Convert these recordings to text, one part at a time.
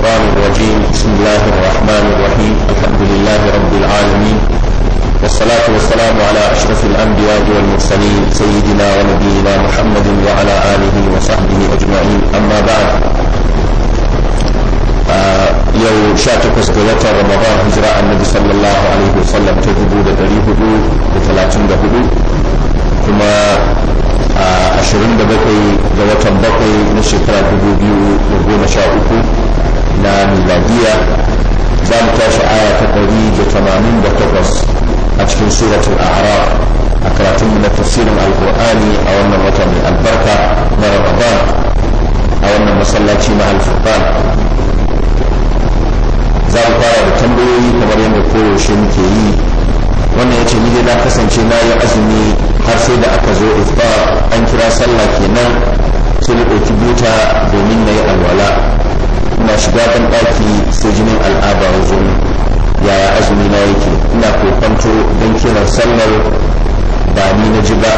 الشيطان الرجيم بسم الله الرحمن الرحيم الحمد لله رب العالمين والصلاة والسلام على أشرف الأنبياء والمرسلين سيدنا ونبينا محمد وعلى آله وصحبه أجمعين أما بعد yau sha takwas ga watan ramadan hijira annabi sallallahu alaihi wasallam ta dubu da dari hudu da talatin da hudu kuma a ashirin da bakwai ga watan bakwai na shekara dubu biyu da goma sha uku na miladiya za mu tashi aya ta ɗari da tamanin da takwas a cikin suratul a'raf a karatun na tafsirin alkur'ani a wannan wata mai albarka na ramadan a wannan masallaci na alfurqan za mu fara da tambayoyi kamar yadda koyaushe muke yi wannan ya ce ni dai na kasance na yi azumi har sai da aka zo iftar an kira sallah kenan sai na ɗauki buta domin na yi alwala ina shiga ban ɗaki sai jinin al'ada ya zo yaya azumi na yake ina kokonto don kiran sallar ba ni na ji ba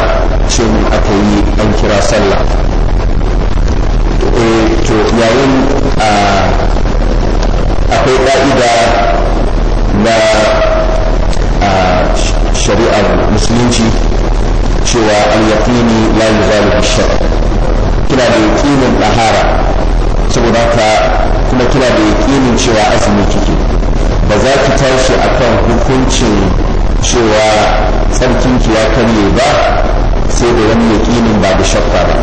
ce mun aka yi an kira sallah eh, to yayin akwai ƙa'ida na shari'ar musulunci cewa al-yaqini la yuzalu bi kina da yaqinin ɗahara saboda ka kuma kina da yakinin cewa azumi kike ba za ki tashi akan hukuncin cewa tsarkin ki ya karye ba sai da wani yakinin ba da shakka ba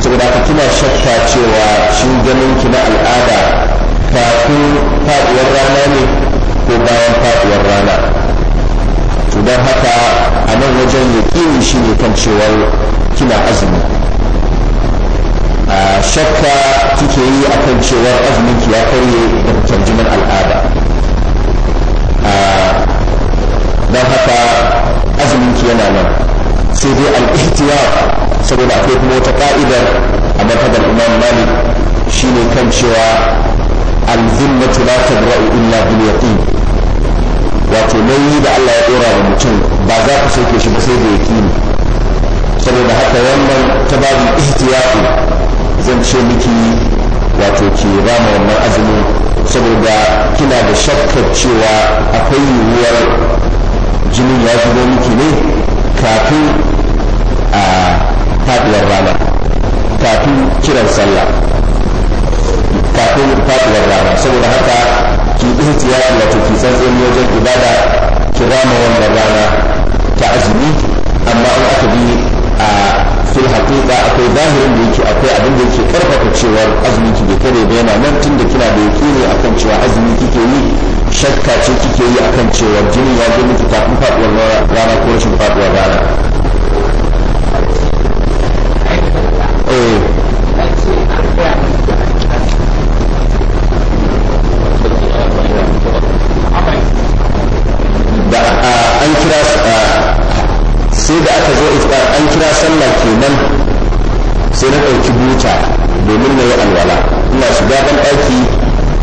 saboda ka kina shakka cewa shin ganin ki na al'ada kafin faɗuwar rana ne ko bayan faɗuwar rana to don haka a nan wajen yakini shine kan cewa kina azumi shakka kike yi akan cewar azuminki ya karye da tarjumar al'ada don haka azuminki yana nan sai dai al-ihtiyar saboda akwai kuma wata ka'idar a matabar imam malik shine kan cewa al-zimmatu la tabra'u illa bil yaqin wato nauyi da Allah ya dora wa mutum ba za ka soke shi ba sai da yaqini saboda haka wannan ta babu ihtiyar zan ce miki wato ke ba wannan azumi saboda kina da shakkar cewa akwai yiwuwar jini ya shigo miki ne kafin a faduwar rana kafin kiran sallah kafin faduwar rana saboda haka ki ihtiyar wato ki tsantsani wajen ibada ki rama wannan rana ta azumi amma in aka bi a fil haqiqa akwai zahirin da yake akwai abin da yake karfafa cewa azumi ki kare da yana nan da kina da yakini akan cewa azumi kike yi shakka ce kike yi akan cewa jini ya zo miki kafin faduwar rana ko rashin faɗuwar rana eh aka zo iftar an kira sallah kenan sai na ɗauki buta domin na yi alwala ina shiga ban ɗaki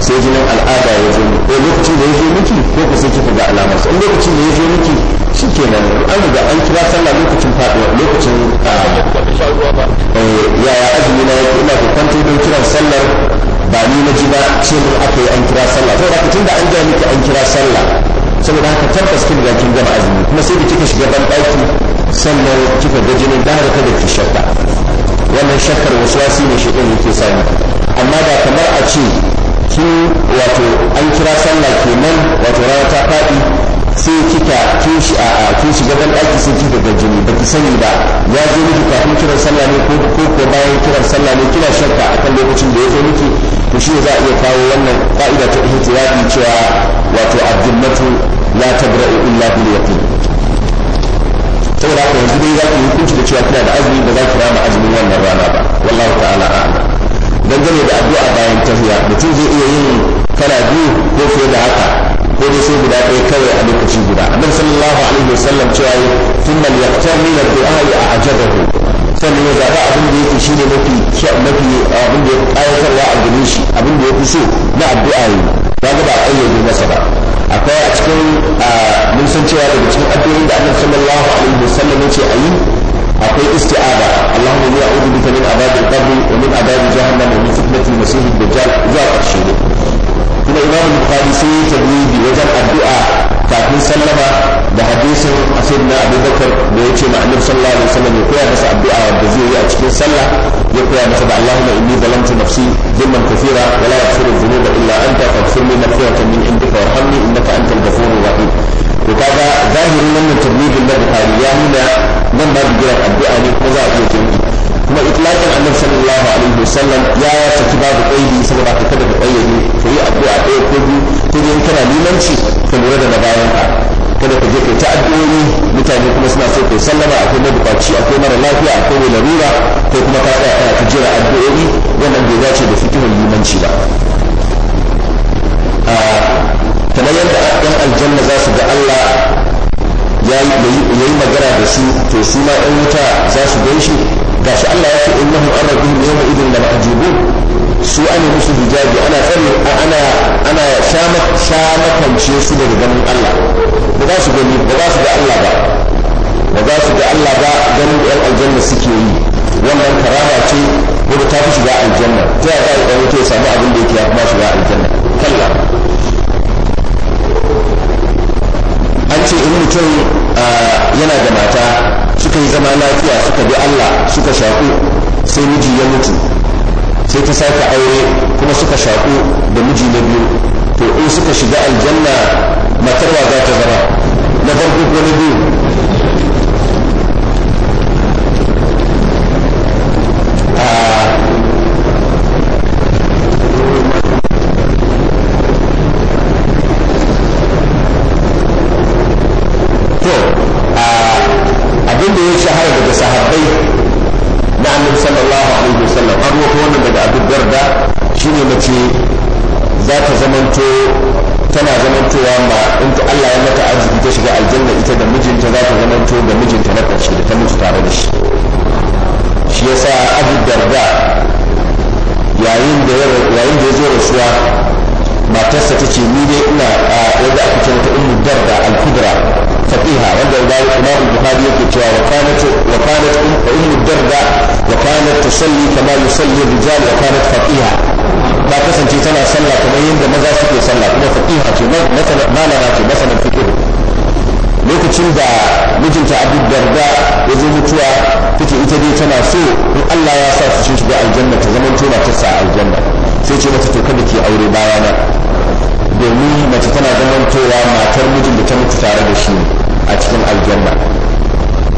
sai jinin al'ada ya zo ko eh, lokacin da ya zo miki ko ku sai kika ga alamar in lokacin da ya zo miki shi kenan an riga an kira sallah lokacin faɗuwa lokacin ah, eh, yaya azumi na yake ina da kwanto don kiran sallar ba ni na ji ba ce mun aka yi an kira sallah saboda haka tunda an gaya miki an kira sallah saboda haka tabbas kin riga kin gama azumi kuma sai da kika shiga ban ɗaki sannan kika ga jinin da haka da ki shakka wannan shakkar waswasi ne shi ɗin yake sani amma da kamar a ce ki wato an kira sallah kenan wato rana ta faɗi sai kika kin shi a kin shiga ban sai kika ga jini ba ki sani ba ya zo miki kafin kiran sallah ne ko ko bayan kiran sallah ne kina shakka akan lokacin da ya zo miki to shi za a iya kawo wannan ƙa'ida ta ihtiyabi cewa wato abdul matu la tabra'u illa bil saboda haka yanzu dai za yi hukunci da cewa kina da azumi ba za ki rama azumin wannan rana ba wallahu ta'ala a'lam dangane da addu'a bayan tahiya mutum zai iya yin kala biyu ko fiye da haka ko dai sai guda ɗaya kawai a lokaci guda annabi sallallahu alaihi wasallam cewa yi thumma yaqtamina du'a ya ajabahu sannan ya zaɓa abin da yake shine mafi mafi eh, abin da ya ƙayatarwa a gare shi abin da ya fi so na addu'a yi ba ga ba a ayyana masa ba akwai a cikin mun san cewa daga cikin addu'o'i da annabi sallallahu alaihi wasallam yace ayi akwai isti'aza Allahumma inni a'udhu bika min adhabi al-qabr wa min adhabi jahannam wa min fitnati al-masih ad-dajjal zuwa ƙarshe ne kuma Imam Bukhari sai ya tabbidi wajen addu'a kafin sallama da hadisin sayyidina Abu Bakar da yace ma annabi sallallahu alaihi wasallam ya koya masa addu'a wanda zai yi a cikin sallah ya koya masa da Allahumma inni zalamtu nafsi zulman kathira wa la yaghfiru dhunuba إلا أنت فاغفر لي مغفرة من عندك وارحمني إنك أنت الغفور الرحيم وكذا ظاهر من تبليغ الله بخاري يا هنا من ما بجرى الدعاء لك مزاجي kuma itlaƙin annabi sallallahu alaihi wasallam ya saki babu ƙaidi saboda ka kada ka ƙayyade ka yi addu'a ɗaya ko biyu ko dai kana limanci ka lura da na bayan ka kada ka je kai ta addu'o'i mutane kuma suna so kai sallama akwai mabukaci akwai mara lafiya akwai mai larura ko kuma ka tsaya kana ta jira addu'o'i wannan bai dace da fikihun limanci ba kamar yadda ɗan aljanna za su ga Allah ya yi magana da su to su ma ɗan wuta za su gan shi ga shi Allah ya ce innahum an rabbihim yawma idin da ma'jubun su ana musu hijabi ana tsare ana ana shamakance su daga ganin Allah ba za su gani ba za su ga Allah ba ba za su ga Allah ba ganin ɗan aljanna suke yi wannan karama ce wadda ta fi shiga aljanna ta yaya za a ɗan ya samu abin da yake ya kuma shiga aljanna kalla an ce in mutum ah, yana da mata suka yi zama lafiya suka bi allah suka shaku sai miji ya mutu sai ta sake aure kuma suka shaku da miji na biyu to in suka shiga aljanna matarwa za ta zama na farko ko na biyu zanto da mijinta na ƙarshe da ta mutu tare da shi shi ya yasa abu darda yayin da ya zo rasuwa matarsa ta ce ni dai ina a yadda aka ce ta ummu darda al-kubra faqiha wanda da Imam Bukhari yake cewa wa kanat wa kanat um, ummu darda wa kanat tusalli kama yusalli rijal wa kanat faqiha ba kasance tana sallah kamar yadda maza suke sallah kuma faqiha ce malama ce masalan fiqh lokacin da mijinta abu darda ya zo mutuwa take ita dai tana so in allah ya sa su shiga aljanna ta zama tona ta sa aljanna sai ce mata to kada ke aure bayana domin mace tana zamantowa matar mijin da ta mutu tare da shi a cikin aljanna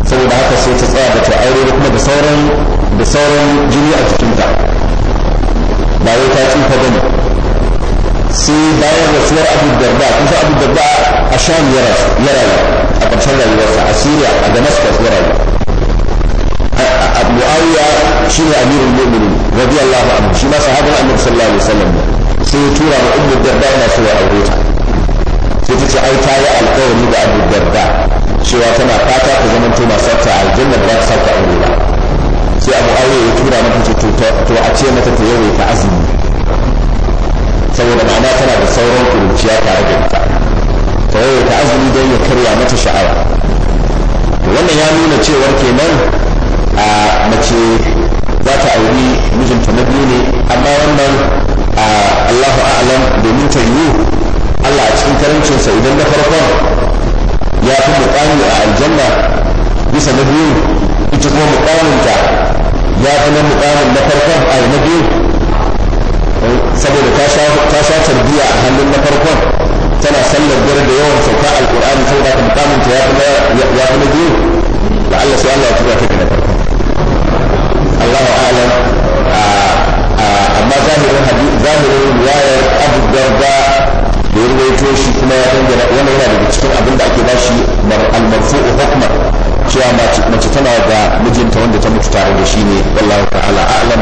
saboda haka sai ta tsaya da ta aure da kuma da sauran da sauran jini a jikinta ba wai ta tsufa ne. sai bayan rasuwar abu darda kusa abu darda a sham ya rayu a ƙarshen rayuwarsa a syria a damascus ya rayu muawiya shi ne amirul mu'minin allahu amma shi ma sahabin annabi sallallahu alaihi wasallam sai ya tura ma ummu darda yana so ya aure ta sai ta ce ai ta yi alƙawari da abu darda cewa tana fata ta zama to masu ta aljanna ba za ta sake ba sai abu aure ya tura mata ce to a ce mata ta yawaita azumi saboda ma'ana tana da sauran kuruciya tare da ita ta yau ta azumi don ya karya mata sha'awa wannan ya nuna cewar kenan a mace za ta auri mijinta na biyu ne amma wannan allahu a'alam domin ta yiwu allah a cikin karancinsa idan na farkon ya fi mukami a aljanna bisa na biyu ita kuma mukaminta ya fi na mukamin na farkon a na biyu saboda ta sha tarbiya a hannun na farkon tana sallar gari da yawan sauka alkur'ani saboda ka mukamin ta ya fi na biyu da Allah sai Allah ya tura ta da farkon Allahu a'lam amma zahirin hadisi zahirin riwayar Abu Darda da ya rawaito shi kuma ya dangana wannan yana daga cikin abin da ake bashi al-marfu'u hukman cewa mace tana da mijinta wanda ta mutu tare da shi ne wallahu ta'ala a'lam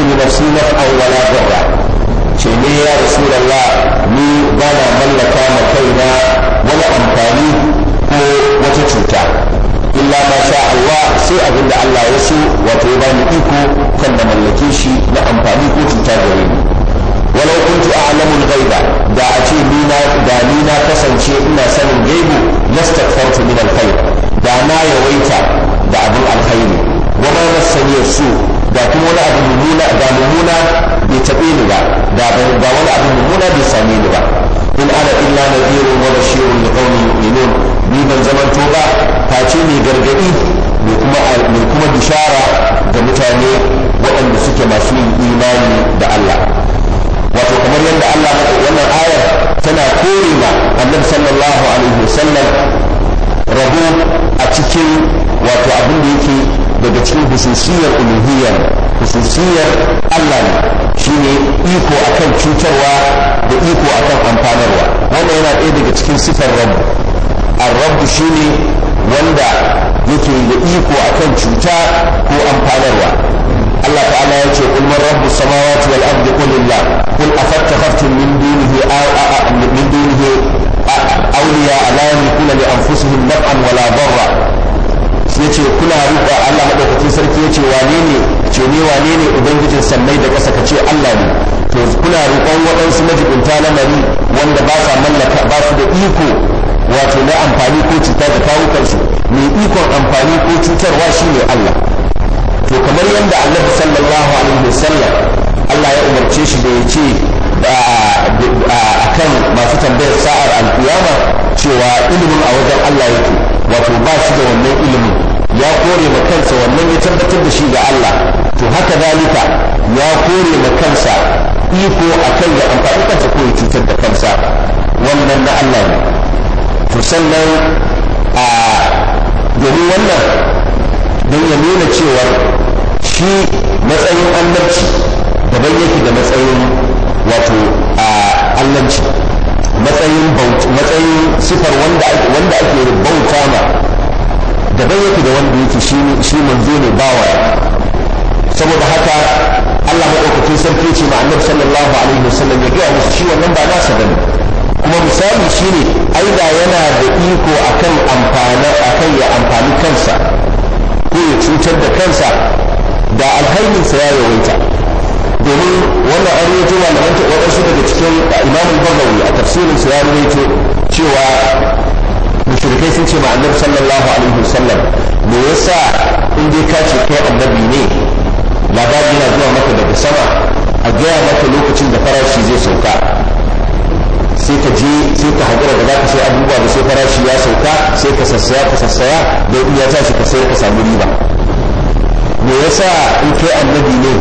أملك لنفسي نفعا ولا ضرا ce ne ya rasulallah ni ba na mallaka ma kaina wani amfani ko wata cuta illa ma sha Allah sai abinda Allah ya so wato ya bani iko kan da mallake shi na amfani ko cuta gare ni walau kuntu a'lamul ghaiba da a ce ni na da ni na kasance ina sanin gaibi nastaghfartu min alkhair da na yawaita da abin alkhairi wa ma nasani su da kuma wani abu mummuna da mummuna bai taɓe ni ba da ga wani abu mummuna bai same ni ba in ana illa nadirun wa bashirun li qaumin yu'minun ni ban zamanto ba face mai gargadi mai kuma mai kuma bishara ga mutane waɗanda suke masu imani da Allah wato kamar yadda Allah wannan ayar tana kore ma annabi sallallahu alaihi wasallam rabo a cikin wato abin da yake daga cikin hususiyar uluhiyar hususiyar Allah shine iko akan cutarwa da iko akan amfanarwa wanda yana ɗaya daga cikin sifar rabu ar shine wanda yake da iko akan cuta ko amfanarwa Allah ta'ala ya ce qul man rabbus samawati wal ardi qul lillah a afattakhaftum min dunihi min dunihi a la yamlikuna li anfusihim naf'an wala darra ya ce kuna rufa Allah madaukakin sarki ya ce wane ne ce ne wane ne ubangijin sammai da ƙasa kace Allah ne to kuna roƙon waɗansu majibinta lamari wanda ba sa mallaka ba su da iko wato na amfani ko cuta da kawukansu mai ikon amfani ko cutarwa ne Allah to kamar yadda annabi sallallahu alaihi wasallam Allah ya umarce shi da ya ce a kan masu tambayar sa'ar alkiyama cewa ilimin a wajen Allah yake wato ba shi da wannan ilimin ya kore ma kansa wannan ya tabbatar da shi ga Allah to haka zalika ya kore ma kansa iko akan ya amfani kansa ko ya cutar da kansa wannan na Allah ne to sannan a domin wannan don ya nuna cewa shi matsayin annabci daban yake da matsayin wato a allanci matsayin sifar wanda ake bauta ma daban yake da wanda yake shi manzo ne bawa saboda haka Allah maɗaukakin sarki ce ma annabi sallallahu alaihi wasallam ya gaya musu shi wannan ba nasa bane kuma misali shine ai da yana da iko akan amfani akan ya amfani kansa ko ya cutar da kansa da alhaininsa ya yawaita domin wannan an rawaito wata waɗansu daga cikin imamul bagawi a tafsirinsa ya rawaito cewa mushrikai sun ce ma sallallahu alaihi wasallam me yasa in dai ka ce kai annabi ne labari yana zuwa maka daga sama a gaya maka lokacin da farashi zai sauka sai ka je sai ka haƙura da zaka sai abubuwa da sai farashi ya sauka sai ka sassaya ka sassaya da in ya tashi ka sai ka samu riba me yasa in kai annabi ne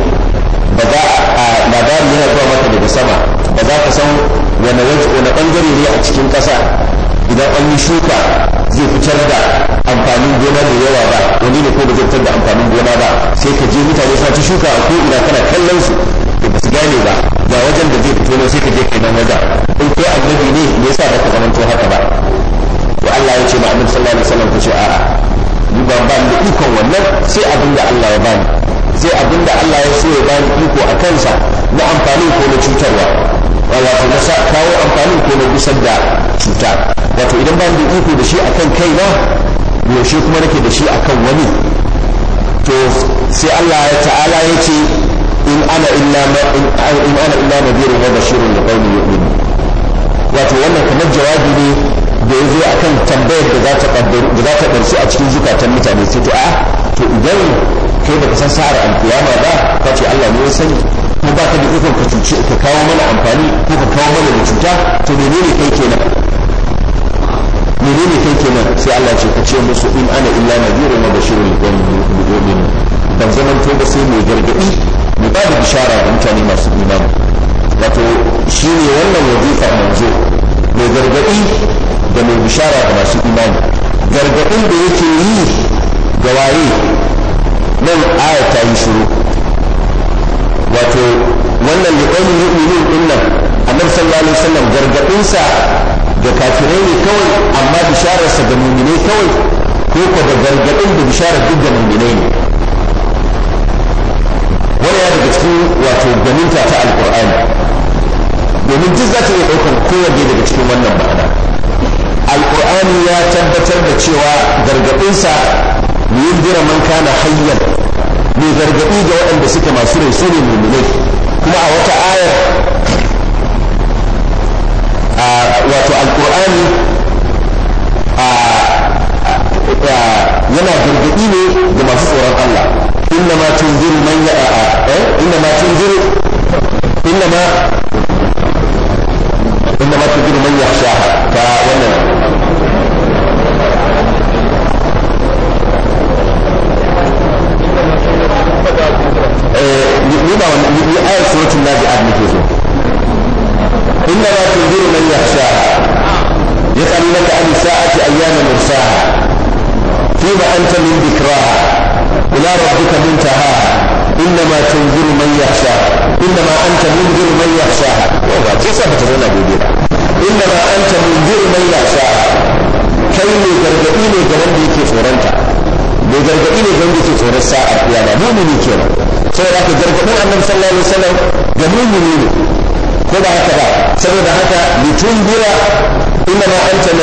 ba za a labari yana zuwa maka daga sama ba za ka san wani wajen wani bangare ne a cikin ƙasa idan an yi shuka zai fitar da amfanin gona da yawa ba wani ne ko ba zai fitar da amfanin gona ba sai ka je mutane suna ta shuka a ko ina kana kallon su to ba su gane ba ga wajen da zai fito ne sai ka je kai nan wajen in kai annabi ne me yasa ba ka zamanto haka ba to Allah ya ce ma annabi sallallahu alaihi wasallam ku ce a'a ni ba ba da ikon wannan sai abin da Allah ya bani sai abin da Allah ya so ya bani iko a kansa na amfani ko na cutarwa wato sa kawo amfanin ko na gusar da cuta wato idan ba da iko da shi akan kai ba yaushe kuma nake da shi akan wani to sai Allah ya ta'ala ya ce in ana illa in ana illa shirin da bashirun mu qaumin wato wannan kamar jawabi ne da ya zo akan tambayar da za ta da za a cikin zukatan mutane sai to a to idan kai baka san sa'ar alkiyama ba kace Allah ne ya sani ko ba ka da ikon ka cuce ka kawo mana amfani ko ka kawo mana da cuta to menene kai kenan menene kai kenan sai Allah ce ka ce musu in ana illa nadirun wa bashirul mu'minin ban zaman to ba sai mai gargadi mai ba da bishara ga mutane masu imani wato shi ne wannan wazifa manzo mai gargadi da mai bishara ga masu imani gargadin da yake yi ga waye nan aya ta yi shiru wato wannan liqaumi mu'minin din nan annabi sallallahu alaihi wasallam gargadin sa ga kafirai ne kawai amma bisharar ga mu'minai kawai ko ko da gargadin da bisharar duk ga mu'minai ne wani ya daga cikin wato ganinta ta alqur'ani domin duk za ta iya ɗaukar kowanne daga cikin wannan ma'ana alƙur'ani ya tabbatar da cewa gargaɗinsa yundira man kana hayyan mai gargaɗi ga waɗanda suke masu rai su ne mummunai kuma a wata ayar wato alƙur'ani yana gargaɗi ne ga masu tsoron Allah inna ma tunziru man ya'a eh? inna ma tunziru inna ma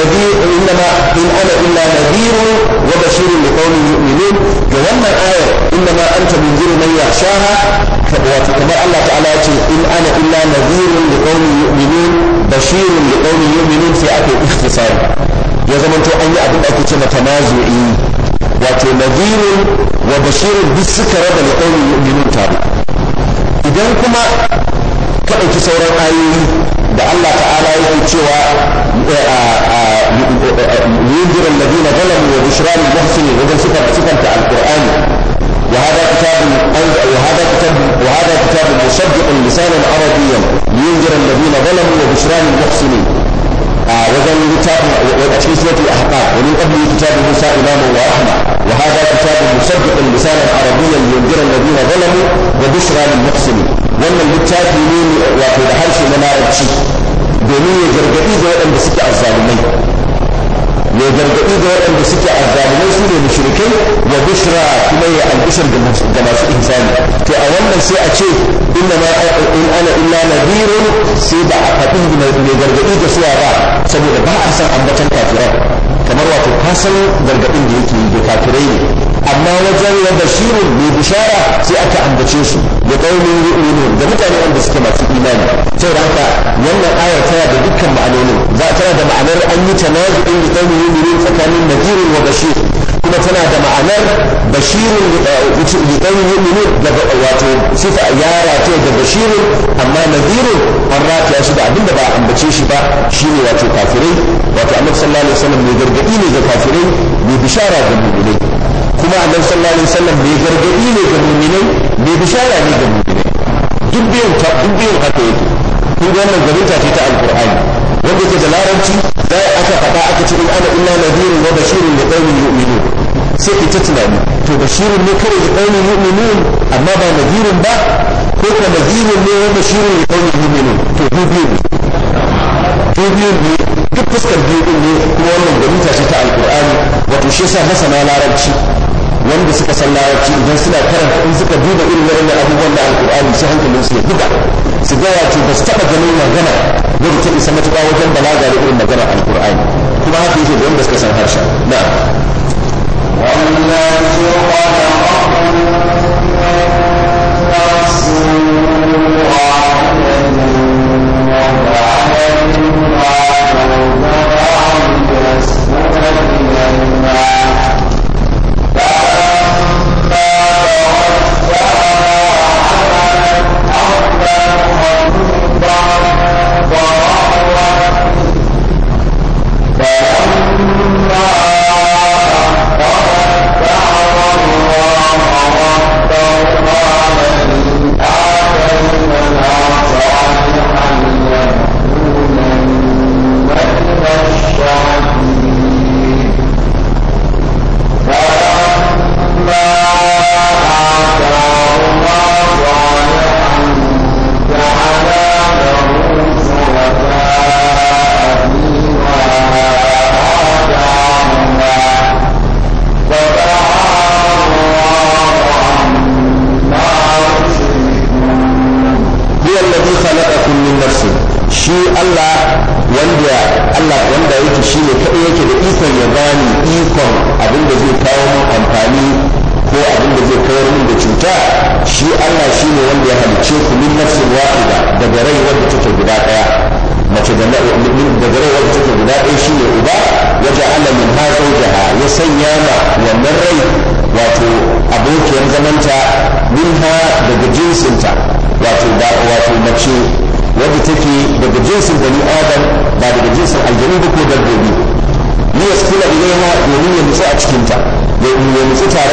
نذير إنما إن أنا إلا نذير وبشير لقوم يؤمنون جوانا آية إنما أنت منذر من يخشاها وكما الله تعالى إن أنا إلا نذير لقوم يؤمنون بشير لقوم يؤمنون في أكل اختصار ya zamanto an yi abin da ake ce mata nazu'i wato nadhirin wa bashirin duk suka raba da ƙaunin yu'minun tare idan kuma ka ɗauki sauran ayoyi da Allah ta'ala yake cewa eh, yunzir alladhina zalamu wa bushra lil muhsinin wajen suka sifanta alqur'ani وهذا كتاب وهذا كتاب وهذا كتاب مصدق لسانا عربيا لينذر الذين ظلموا وبشرى للمحسنين وذن كتاب وتشكيل سوره الاحقاف ومن قبله كتاب موسى اماما ورحمه وهذا كتاب مصدق لسانا عربيا لينذر الذين ظلموا وبشرى للمحسنين wannan littafi ne wato da harshe na larabci domin ya gargaɗi ga waɗanda suke azzalumai ya gargaɗi ga waɗanda suke azzalumai su ne mushrikai wa bushra kuma ya albishar ga masu ihsani to a wannan sai a ce inna ma in ana illa nadirun sai ba a faɗi mai gargaɗi ga suwa ba saboda ba a san ambatan kafiran kamar wato kasan gargaɗin da yake yi da kafirai ne amma wajen ya bashirin mai bishara sai aka ambace su da da mutane wanda suke masu imani sai da haka wannan ayar tana da dukkan ma'anonin za tana da ma'anar an yi tanazu'in da kaunin yu'minu tsakanin nadirin wa bashir kuma tana da ma'anar bashirin liɗan yuminu daga wato sifa yara ta da bashirin amma nadirin an rataya shi da abinda ba a ambace shi ba shine wato kafirai wato annabi sallallahu alaihi wasallam mai gargadi ne ga kafirai mai bishara ga mu'minai kuma annabi sallallahu alaihi wasallam mai gargadi ne ga mu'minai mai bishara ne ga mu'minai duk biyun haka yake kun ga wannan garita ce ta alqur'ani wanda ke da larabci da aka faɗa aka ce in ana illa nadirin wa bashirin da qaumin yu'minun sai ita tunani to bashirin ne kare da qaumin yu'minun amma ba nadirin ba ko ka nadirin ne wa bashirin da qaumin yu'minun to biyu ne biyu ne duk fuskar biyu ne kuma wannan gari ta ce ta Alƙur'ani wato shi yasa masana larabci wanda suka san lawaci idan suna karanta in suka duba irin waɗannan abubuwan da alkur'ani su hankalin su ya buga su ga wato ba su taɓa ganin magana da ta isa matuƙa wajen balaga da irin magana alkur'ani kuma haka yake da wanda suka san wannan na'am والله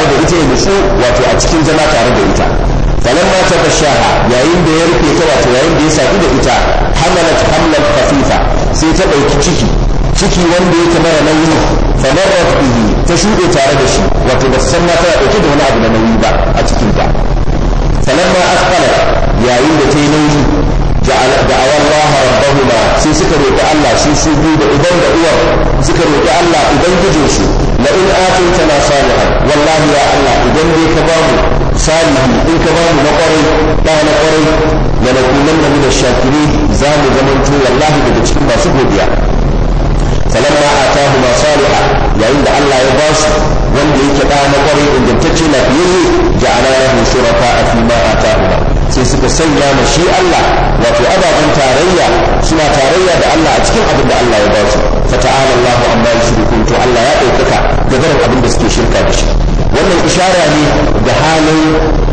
tare da ita ya nutsu wato a cikin zama tare da ita falamma ta bashaha yayin da ya rufe ta wato yayin da ya sadu da ita hamalat hamlan khafifa sai ta ɗauki ciki ciki wanda yake mara nauyi famarrat bihi ta shuɗe tare da shi wato ba san ma tana ɗauke da wani abu na nauyi ba a cikin ta falamma asqala yayin da ta yi nauyi ja'ala da'awa Allah rabbahuma sai suka roƙi Allah sai su bi da uban da uwar suka roƙi Allah su. la in ataytana salihan wallahi ya Allah idan dai ka ba mu salihan in ka ba mu na kwarai da na kwarai da na kullum da mun shakiri za mu zamanto wallahi daga cikin masu godiya falamma atahu ma sali'a yayin da Allah ya ba su wanda yake ɗa na kwarai ingantacce lafiyayye ja'ala lahu shuraka fi ma atahu sai suka sanya ma shi Allah wato ababen tarayya suna tarayya da Allah a cikin abin da Allah ya ba su ta'ala Allahu amma yushrikun to Allah ya ɗaukaka da barin abin da suke shirka da shi wannan ishara ne da halin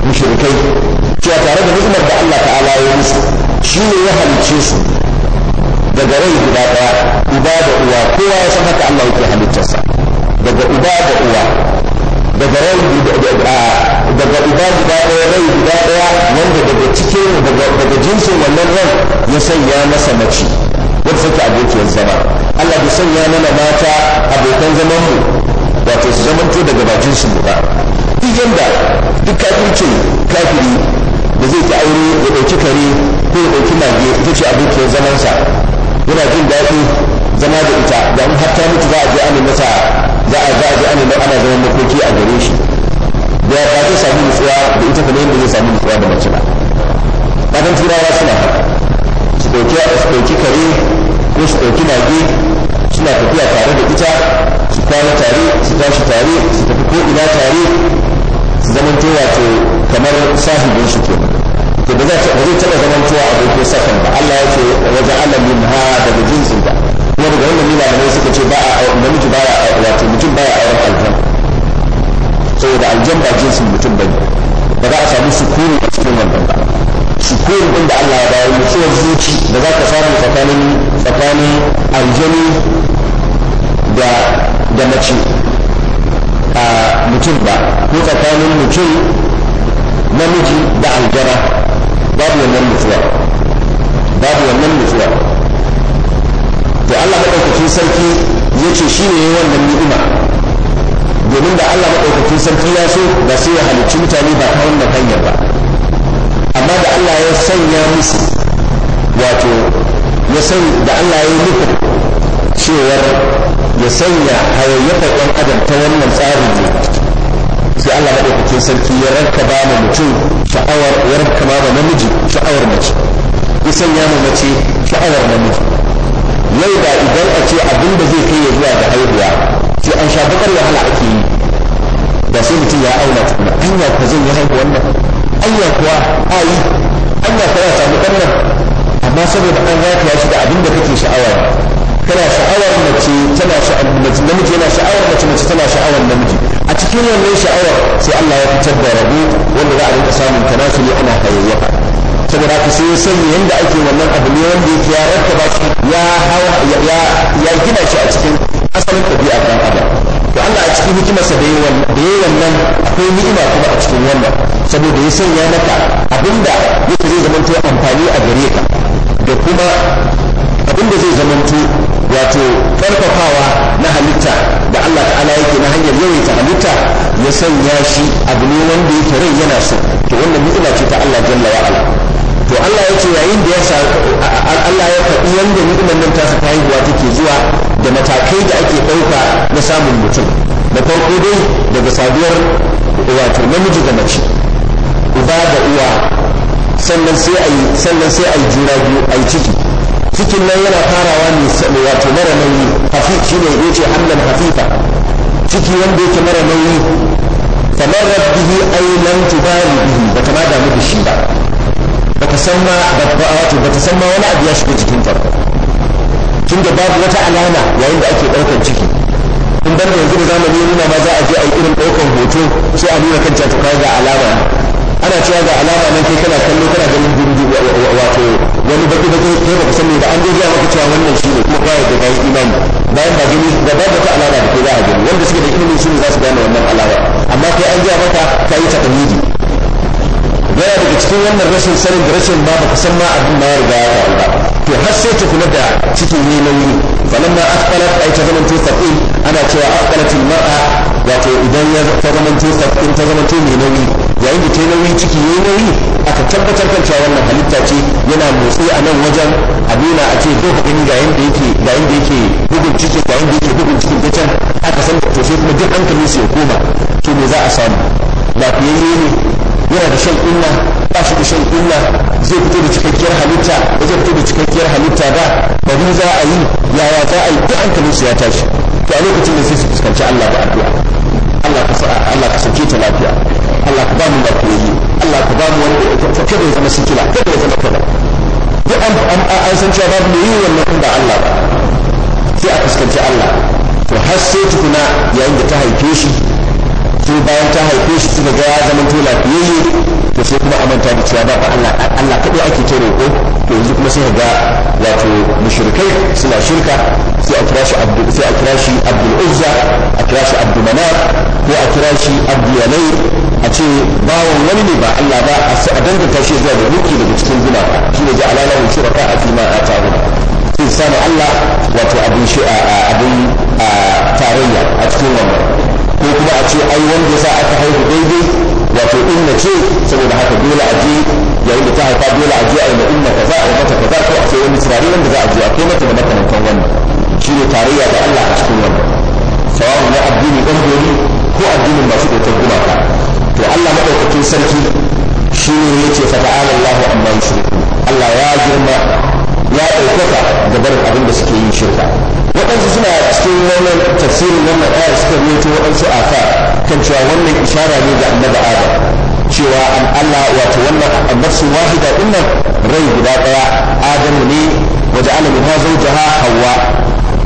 mushrikai cewa tare da ni'imar da Allah ta'ala ya musu shi ne ya halicce su daga rai guda daya uba da uwa kowa ya san haka Allah yake halittarsa daga uba da uwa daga rai daga uba guda ɗaya rai guda ɗaya wanda daga cikin daga jinsin wannan ran ya sanya masa mace wadda suke abokiyar zama Allah bai sanya mana mata abokan zaman mu wato su zamanto daga ba jinsin mu ba duk da duk kafirci kafiri da zai ta aure ya ɗauki kare ko ya ɗauki mage ita ce abokiyar zamansa yana jin daɗi zama da ita da in har ta mutu za a je ana masa za a je ana ana zaman makoki a gare shi da ba zai sami nutsuwa da ita kamar yadda zai sami nutsuwa da mace ba matan turawa suna haka su ɗauki kare ko su ɗauki mage suna tafiya tare da ita su kwana tare su tashi tare su tafi ko ina tare su zamanto wato kamar sahibin shi ke to ba zai taɓa zamantowa abokin sakan ba Allah ya ce wajen alamin ha daga jinsin ba kuma daga wannan ne suka ce ba a namiji baya wato mutum ba ya auren aljan saboda aljan ba jinsin mutum ba ne ba za a samu sukuni a cikin wannan ba sukuni din da Allah ya bayar mutuwar zuci da za ka samu tsakanin tsakanin aljani da da mace a mutum ba ko tsakanin mutum namiji da aljara babu wannan mutuwa babu wannan mutuwa to Allah madaukakin sarki ya ce shi ne wannan ni'ima domin da Allah maɗaukakin sarki ya so ba sai ya halicci mutane ba ta wannan hanyar ba amma da Allah ya sanya musu wato ya san da Allah ya yi nufin cewar ya sanya hayayyafar ɗan adam ta wannan tsarin ne sai Allah maɗaukakin sarki ya ranka ba mu mutum sha'awar ya ranka ba mu namiji sha'awar mace ya sanya mu mace sha'awar namiji yau da idan a ce abin da zai kai ya zuwa da haihuwa sai an sha bakar wahala ake yi da sai mutum ya auna tukuna anya ko zai yi haihu wannan anya kuwa a yi anya ya samu ƙarnar amma saboda an rataya shi da abin da kake sha'awa kana sha'awar mace tana sha'awar mace namiji yana sha'awar mace mace tana sha'awar namiji a cikin wannan sha'awar sai Allah ya fitar da rabo wanda za a rinka samun tanasuli ana hayayyafa saboda haka sai ya sanya yadda ake wannan abu ne wanda yake ya rattaba shi ya hawa ya gina shi a cikin asalin kabi ɗan adam to Allah a cikin hikimarsa da yi wannan akwai ni'ima kuma a cikin wannan saboda ya sanya maka abinda yake zai zamanto amfani a gare ka da kuma abinda zai zamanto wato karfafawa na halitta da Allah ta'ala yake na hanyar yawaita halitta ya sanya shi abu ne wanda yake rai yana so to wannan ni'ima ce ta Allah jalla wa ala to Allah ya ce yayin da ya Allah ya faɗi yanda ni'imar nan ta haihuwa take zuwa da matakai da ake ɗauka na samun mutum da farko dai daga saduwar wato namiji da mace uba da uwa sannan sai a yi sannan sai a yi juna biyu a yi ciki cikin nan yana farawa ne wato mara nauyi hafif ne ya ce hannan hafifa ciki wanda yake mara nauyi kamar rabbihi ai lam tubali bihi bata ma damu da shi ba bata san ma bata san ma wani abu ya shiga jikin ta tun da babu wata alama yayin da ake ɗaukar ciki in ban da yanzu da zamani nuna ma za a je a yi irin ɗaukar hoto sai a nuna kanta kawai ga alama ana cewa ga alama nan kai kana kallo kana ganin gurbi wato wani baki baki kai baka sani ba an je maka cewa wannan shi ne kuma kawai da bayan imani bayan ba gani da babu wata alama da ke za a gani wanda suke da ilimin su ne za su gane wannan alama amma kai an je maka ka yi takamidi yana daga cikin wannan rashin sanin da rashin ba baka san ma abin ma ya riga ya faru ba to har sai ta kula da cikin yi nauyi falan ma asqalat ai ta zaman tafin ana cewa asqalat mar'a wato idan ya ta zaman din ta zaman mai nauyi yayin da ta nauyi ciki ya nauyi aka tabbatar kan cewa wannan halitta ce yana motsi a nan wajen abina a ce doka gani ga yanda yake ga yanda yake bugun cikin ga yanda yake bugun cikin ta can aka san to sai kuma duk hankali su ya koma to me za a samu lafiyayye ne yana da shan inna ba shi da shan inna zai fito da cikakkiyar halitta ba zai fito da cikakkiyar halitta ba ba bari za a yi yaya za a yi duk hankalin su ya tashi to a lokacin da sai su fuskanci Allah da addu'a Allah ka Allah ka sauke ta lafiya Allah ka ba mu lafiyoyi Allah ka ba mu wanda kada ya zama sikila kada ya zama kada duk an an san cewa babu mai yi wannan ba Allah ba sai a fuskanci Allah to har sai tukuna yayin da ta haife shi sai bayan ta haife shi suka ga ya zama to fiye to sai kuma amanta da cewa ba Allah Allah kadai ake ta roƙo to yanzu kuma sai ga wato mushrikai suna shirka sai a kira shi abdu sai a kira shi abdul uzza a kira shi abdul manaf ko a kira shi abdul yalai a ce bawon wani ne ba Allah ba a sai a danganta shi zuwa ga mulki daga cikin zina shi ne ja'ala lahu shuraka a fi a atahu sai sama Allah wato abin shi abin tarayya a cikin wannan ko kuma a ce ai wanda ya sa aka haihu daidai wato inna ce saboda haka dole a je yayin da ta haifa dole a je a yi na inna kaza a yi mata kaza ko a ce wani turare wanda za a je a kai mata da makarantar wannan shi ne tarayya da Allah a cikin wannan sawa'un na addini ɗan gobe ko addinin masu ɗaukar gumaka to Allah maɗaukakin sarki shi ne ya ce fata'ala Allahu amma yushriku Allah ya girma ya ɗaukaka da barin abin da suke yin shirka waɗansu suna cikin wannan tafsirin wannan ayar suka rubuto waɗansu afa kan cewa wannan ishara ne ga annabi adam cewa an Allah wato wannan annabsu wahida dinnan rai guda ɗaya adamu ne waje ala min jaha hawa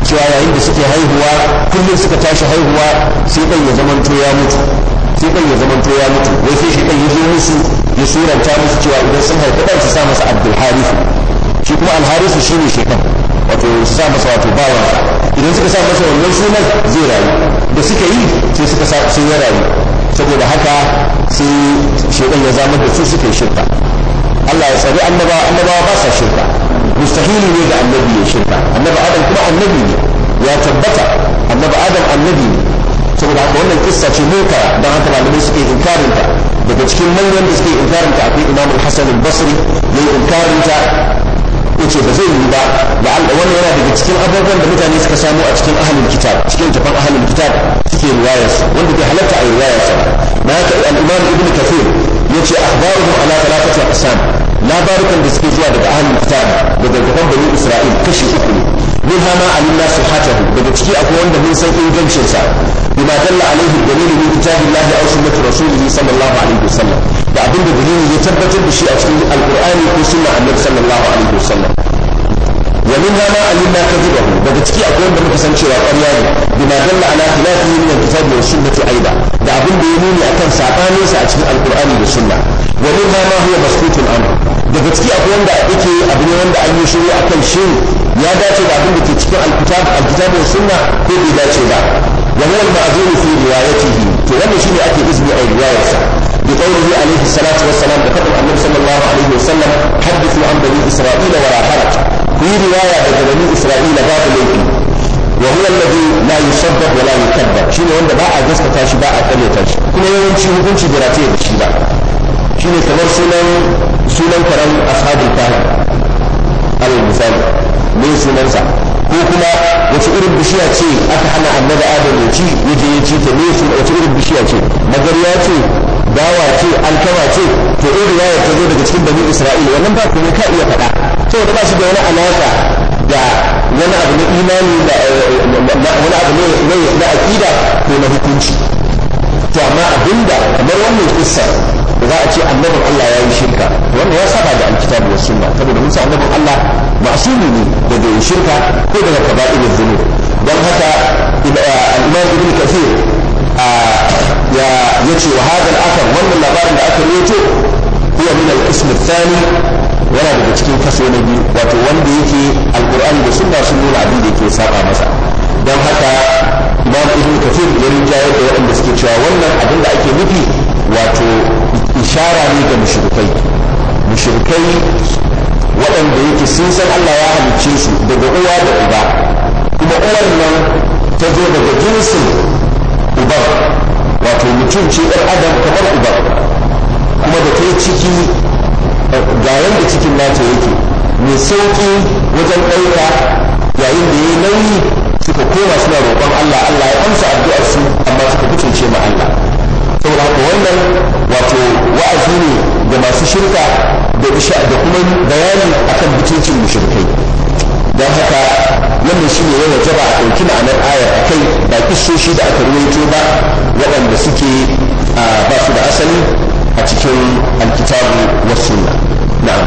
cewa yayin da suke haihuwa kullum suka tashi haihuwa sai ɗan ya zamanto ya mutu sai ɗan ya zamanto ya mutu wai sai shi ɗan ya zo musu ya suranta musu cewa idan sun haifi ɗan su sa masa abdul harifu shi kuma al shi ne shekaru. wato sa masa wato bawan idan suka sa masa wannan sunan zai rayu da suka yi sai suka sa sai ya rayu saboda haka sai shekaru ya zama da su suka yi shirka Allah ya tsari annabawa annabawa ba sa shirka mustahili ne da annabi ya shirka annaba adam kuma annabi ne ya tabbata annaba adam annabi ne saboda haka wannan kissa ce muka don haka malamai suke inkarinta daga cikin manyan da suke inkarinta akwai imamul hasan al-basri yayin inkarinta yace ba zai yi ba da Allah wannan yana daga cikin abubuwan da mutane suka samu a cikin ahlul kitab cikin tafan ahlul kitab suke riwaya wanda bai halatta a riwayar sa na haka al-Imam Ibn Kathir yace akhbaruhum ala thalathati aqsam labarukan da suke zuwa daga ahlul kitab daga gaban bani Isra'il kashi uku min hama alimna sihatahu daga ciki akwai wanda mun san ingancin sa bima dalla alaihi dalilin min kitabillahi aw sunnati rasulihi sallallahu alaihi wasallam da abin da ya tabbatar da shi a cikin alqur'ani ko sunna annabi sallallahu alaihi wasallam wa min hama alimna kadibahu daga ciki akwai wanda muka san cewa ƙarya ne bima dalla ala khilafihi min kitabi wa sunnati aida da abin da ya nuni akan sabanin sa a cikin alqur'ani da sunna wa min hama huwa masbutun amr daga ciki akwai wanda ne wanda an yi shiru akan shi ya dace da abin da ke cikin alkitab alkitab da sunna ko bai dace ba wa huwa al-ma'zur fi riwayatihi to wannan shine ake izini a riwayarsa bi qawlihi alayhi salatu salam da fadin annabi sallallahu alaihi sallam hadithu an bani isra'ila wa la haraj ku yi riwaya daga bani isra'ila babu laifi wa huwa alladhi la yusaddaq wa la yukaddab shine wanda ba a gaskata shi ba a karyata shi kuma yawanci hukunci da rataye da shi ba shine kamar sunan sunan karan ashabul kahf al ne sunansa ko kuma wace irin bishiya ce aka hana annabi adam ya ci ya je ya ci ta ne sunan wace irin bishiya ce magarya ce dawa ce alkawa ce to irin riwaya ta zo daga cikin bani isra'ila wannan ba kuma ka iya faɗa saboda ba shi da wani alaka da wani abu na imani da eh, wani abu na aƙida ko na hukunci to amma abinda kamar wannan kissa za a ce annabin Allah ya yi shirka wanda ya saba da alkitabu da sunna saboda musa annabin Allah masumi ne daga yin shirka ko daga kaba'ir zunub don haka uh, al-imam ibn kathir uh, ya yace wa hadha al wannan labarin da aka rawaito huwa min al-qism ath-thani yana daga cikin kaso na biyu wato wanda yake alqur'ani da sunna sun nuna abin da yake saba masa don haka imam ibn kathir ya rinjaye da waɗanda suke cewa wannan abin da ake nufi wato ishara ne ga mushrikai mushrikai waɗanda yake sun san Allah ya halicce su daga uwa da uba kuma uwar nan ta zo daga jinsin ubar wato mutum ce ɗan adam kamar ubar kuma da ta yi ciki ga yadda cikin nata yake mai sauƙi wajen ɗauka yayin da ya yi nauyi suka koma suna roƙon Allah Allah ya amsa addu'ar su amma suka mutunce ma Allah shirka da da kuma bayani akan butuncin mushrikai don haka wannan shi ne yawa jaba a ɗauki ma'anar ayar a kai ba kisoshi da aka ruwaito ba waɗanda suke ba su da asali a cikin alkitabu wasu na'am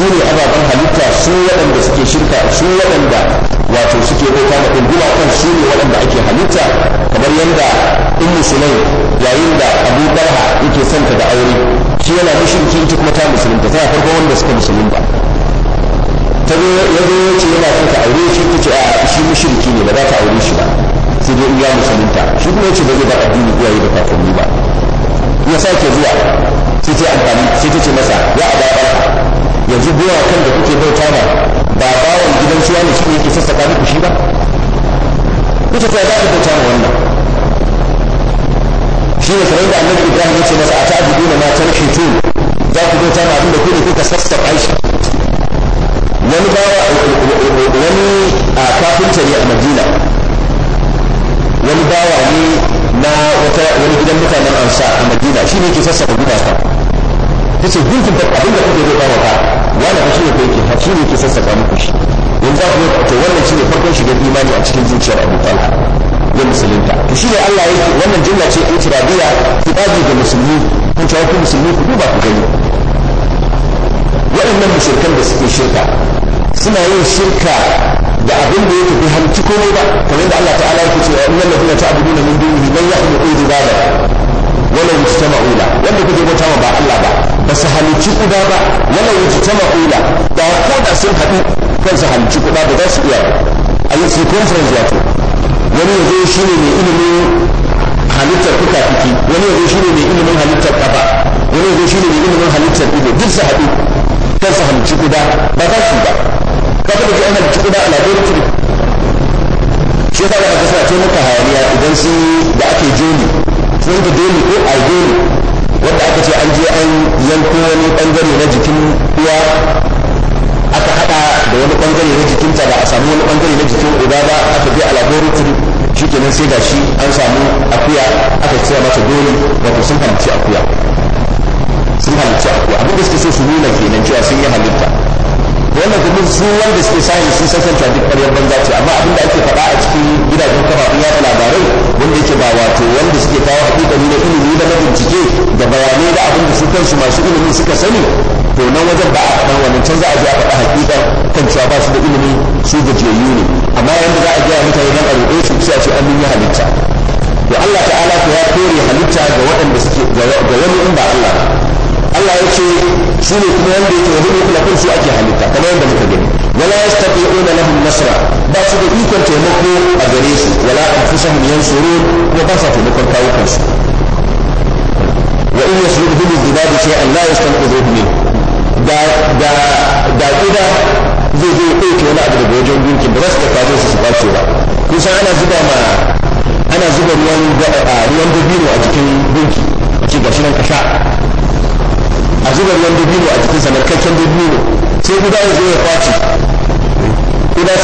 su ne ababen halitta su waɗanda suke shirka su waɗanda wato suke bauta da ɗunguma kan su ne waɗanda ake halitta kamar yadda in musulai yayin da abu barha yake son ta da aure shi yana mushriki ita kuma ta musulunta tana farko wanda suka musulunta ta zo ya zo ya ce yana son ta aure shi ta ce a shi mushriki ne ba za ta aure shi ba sai dai iya musulunta shi kuma ya ce ba zai ba addini iyaye da kakanni ba ya sake zuwa sai ta amfani sai ta ce masa ya a yanzu kan da kuke bauta ba ba bawan gidan suwa ne shi yake sassaka muku shi ba kuka ta za ku bauta ma wannan shi ne sanar da annabi ibrahim ya ce masa a ta'abudu na matan shaitu za ku bauta ma abinda ku ne kuka sassaka shi wani bawa wani a kafinta ne a madina wani bawa ne na wani gidan mutanen ansa a madina shi ne ke sassaka gudasa ta ce gunkin abinda kuke bauta ma ba wani hashi ne yake hashi ne ke sassaka muku shi yanzu ku to wannan shine farkon shigar imani a cikin zuciyar Abu Talha da musulunta to shine Allah yake wannan jumla ce ku kitabi da musulmi kun cewa ku musulmi ku duba ku gani waɗannan mushrikan da suke shirka suna yin shirka da abin da yake bihan hanci ba kamar da Allah ta'ala yake cewa ta abu ta'buduna min dunihi ba yakhluqu wani wala ta la wanda kuke bauta ba Allah ba ba su halicci kuda ba wala wuce ta ma'ula da ko da sun haɗu kan su halicci kuda ba za su iya a yi circumference wato wani yanzu shi ne mai ilimin halittar kuka fuki wani yanzu shi ne mai ilimin halittar kafa wani yanzu shi ne mai ilimin halittar ido duk su haɗu kan su halicci kuda ba za su ba ka fi da an halicci kuda a laboratory shi yasa da aka sa taimaka hayaniya idan sun da ake joni sun da dole ko a joni wanda aka ce an je an yanko wani bangare na jikin uwa aka hada da wani bangare na jikin ta ba a samu wani bangare na jikin uba ba aka je a laboratory shi kenan sai gashi an samu akuya aka ce mata dole wato sun halarci akuya sun halarci akuya abin suke so su nuna kenan cewa sun yi halitta wannan domin su wanda suke sayi sun sassan ta duk ƙaryar banza ce amma abin da ake faɗa a cikin gidajen ya yaɗa labarai wanda yake ba wato wanda suke kawo hakikani na ilimi da na bincike da bayanai da abin da su kansu masu ilimi suka sani to nan wajen ba a faɗa wannan can za a je a faɗa hakika kan cewa ba su da ilimi su gajiyayyu ne amma yanda za a gaya mutane nan a roƙe su sai a ce an yi halitta to Allah ta'ala ko ya kore halitta ga waɗanda suke ga wani in ba Allah Allah ya ce shi ne kuma wanda yake yanzu ne kuma su ake halitta kamar yadda muka gani wala yastati'una lahum nasra ba su da ikon taimako a gare su wala anfusahum yansurun kuma ba sa taimakon kawukan su wa in yasrubhum adh-dhibabu shay'an la yastanqidhuhu min da da da kuda zai zo ya ɗauke wani abu daga wajen gunkin ba za su tafi su su kwace ba kusan ana zuba ma ana zuba ruwan ruwan dabino a cikin gunki a ce ga shi nan ka sha a zuba ruwan dabino a cikin sanarkakken dabino sai guda ya zo ya kwace guda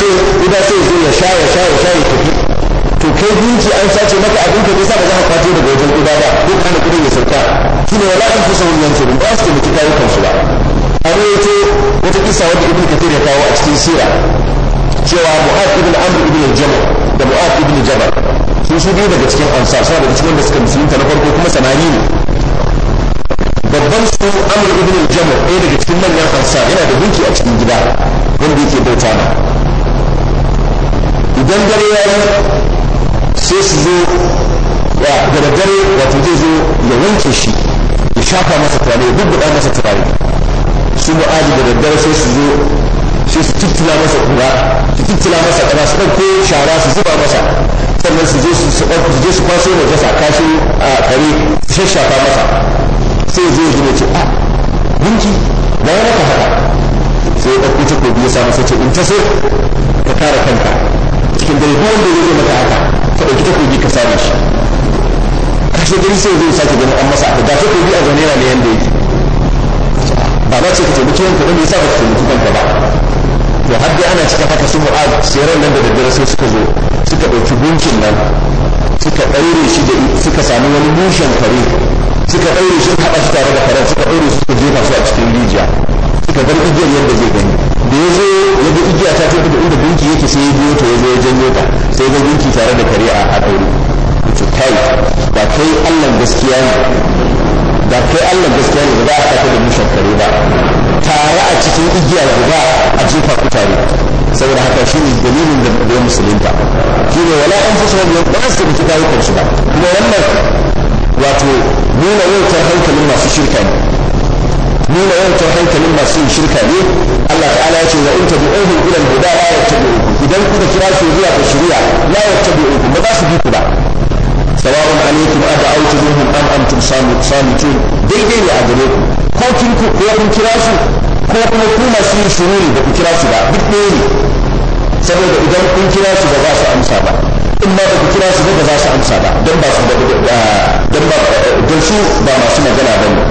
sai zo ya sha ya sha ya sha ya tafi to kai gunki an sace maka abin ka nisa ba za ka kwace daga wajen guda ba duk hana kudin ya sauka shine wala an fi sauri yanzu ba su mutu kayukan su ba a ce wata kisa wadda ibn kafir ya kawo a cikin sira cewa mu'ad ibn amr ibn jabal da mu'ad ibn jabal sun su biyu daga cikin ansar suna daga cikin da suka musulunta na farko kuma samari ne babban su amur ibn jamur ɗaya daga cikin manyan ansa yana da gunki a cikin gida wanda yake bauta ba idan dare ya yi sai su zo ya daddare wato zai zo ya wanke shi ya shafa masa turare ya bubbuɗa masa turare su mu'aji da daddare sai su zo sai su tuttula masa kura su tuttula masa kana su ɗauko shara su zuba masa sannan su je su kwaso da jasa kashi a kare su shashafa masa sai zai zai ce a ah, binci da ya raka haka sai ya ɗauki takobi ya samu sace in ta so ka kare kanka cikin dare duk wanda zai maka haka ka ɗauki takobi ka same shi kashe gari sai zai sake gani an masa ga kogi a zaune yana ne yanda yake ba za ce ka taimaki yanka ɗin ya sa ba ka taimaki kanka ba to har dai ana cikin haka su mu'ad sai ran nan da daddare sai suka zo suka ɗauki gunkin nan suka ɗaure shi da suka sami wani mushen kare suka ɗaure shi haɗa shi tare da farar suka ɗaure shi suka jefa su a cikin rijiya suka bar igiyar yadda zai gani da ya zo ya ga igiya ta tafi da inda binki yake sai ya biyo ta ya zo ya janyo ta sai ga binki tare da kare a ɗaure ce kai ba kai allan gaskiya ne ba kai allan gaskiya ne ba za a tafi da mushen kare ba tare a cikin igiya ba a jefa ku tare saboda haka shi ne dalilin da musulunta shi ne wala an fi shawar yau ba su tafi kayukan su ba kuma wannan wato nuna yautar hankalin masu shirka ne nuna yautar hankalin masu yin shirka ne Allah ta'ala ya ce wa in tabi'uhum ila al-huda la yattabi'ukum idan kuka kira su zuwa shirya shari'a la yattabi'ukum ba za su bi ku ba sawa'un alaykum ad'awtuhum am antum samitun daidai ne a gare ku ko kin ku ko kun kira su ko kuma ku masu yin shururi ba ku kira su ba duk ɗaya ne saboda idan kun kira su ba za su amsa ba in ma ba ku kira su ba za su amsa ba don ba su don ba don su ba masu magana ba ne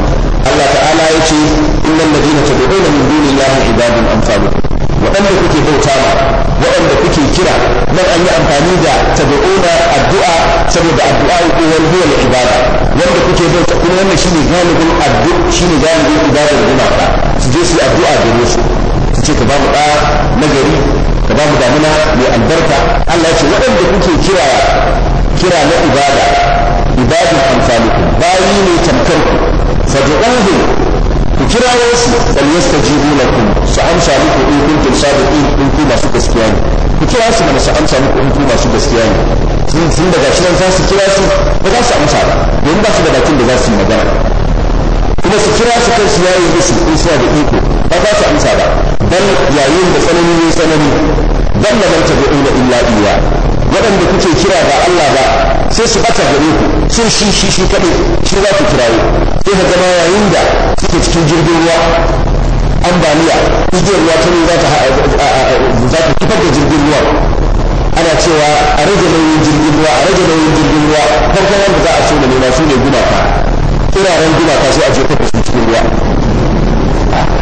Allah ta'ala ya ce innal ladina tad'una min dunillahi ibadun amsalukum waɗanda kuke bauta ma waɗanda kuke kira nan an yi amfani da tabi'una addu'a saboda addu'a ko wani huwa ibada wanda kuke bauta kuma wannan shine galibin addu'a shine galibin ibada da ba. su je su addu'a gare su su ce ka ba mu ɗa nagari ka ba mu damuna mai albarka Allah ya ce waɗanda kuke kira kira na ibada ibadin amsaliku bayi ne tamkar ku fad'uhu ku kira wasu na lakum su amsa muku in kuntum sadiqin in ku masu gaskiya ne ku kira su mana su amsa muku in ku masu gaskiya ne sun daga shi za su kira su ba za su amsa ba domin ba su da bakin da za su yi magana kuma su kira su kansu yayin musu in suna da iko ba za su amsa ba dan yayin da tsanani ne tsanani dan da manta da illa illa iya waɗanda kuke kira ba Allah ba sai su bata gare ku sun shi shi shi kaɗai shi za ku kirayo sai ka zama yayin da suke cikin jirgin ruwa ambaliya igiyar ruwa ta ne za ta kifar da jirgin ruwa ana cewa a rage nauyin jirgin ruwa a rage nauyin jirgin ruwa farkon wanda za a so da nema su ne gumaka turaren gumaka sai a je kafa su cikin ruwa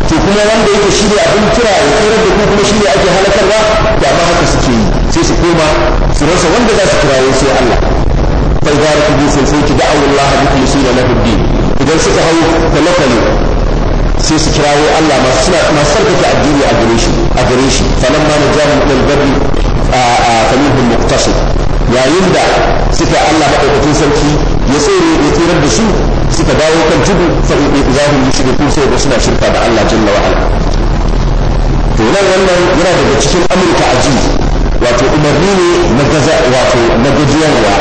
to kuma wanda yake shirya abin kira ya kira da ku kuma shi ake halakarwa da ma haka suke yi sai su koma su rasa wanda za su kirawo sai Allah bai gara ku bi sai ki da Allah mukhlisina idan suka hau da lafali sai su kirawo Allah masu suna masu sarkake addini a gare shi a gare shi falan ma najamu min al yayin da suka Allah madaukakin sarki ya tsere ya tsirar da su suka dawo kan tudu fa idahum mushrikun sai ga suna shirka da Allah jalla wa ala to nan wannan yana daga cikin amurka aji wato umarni ne na gaza wato na gajiyarwa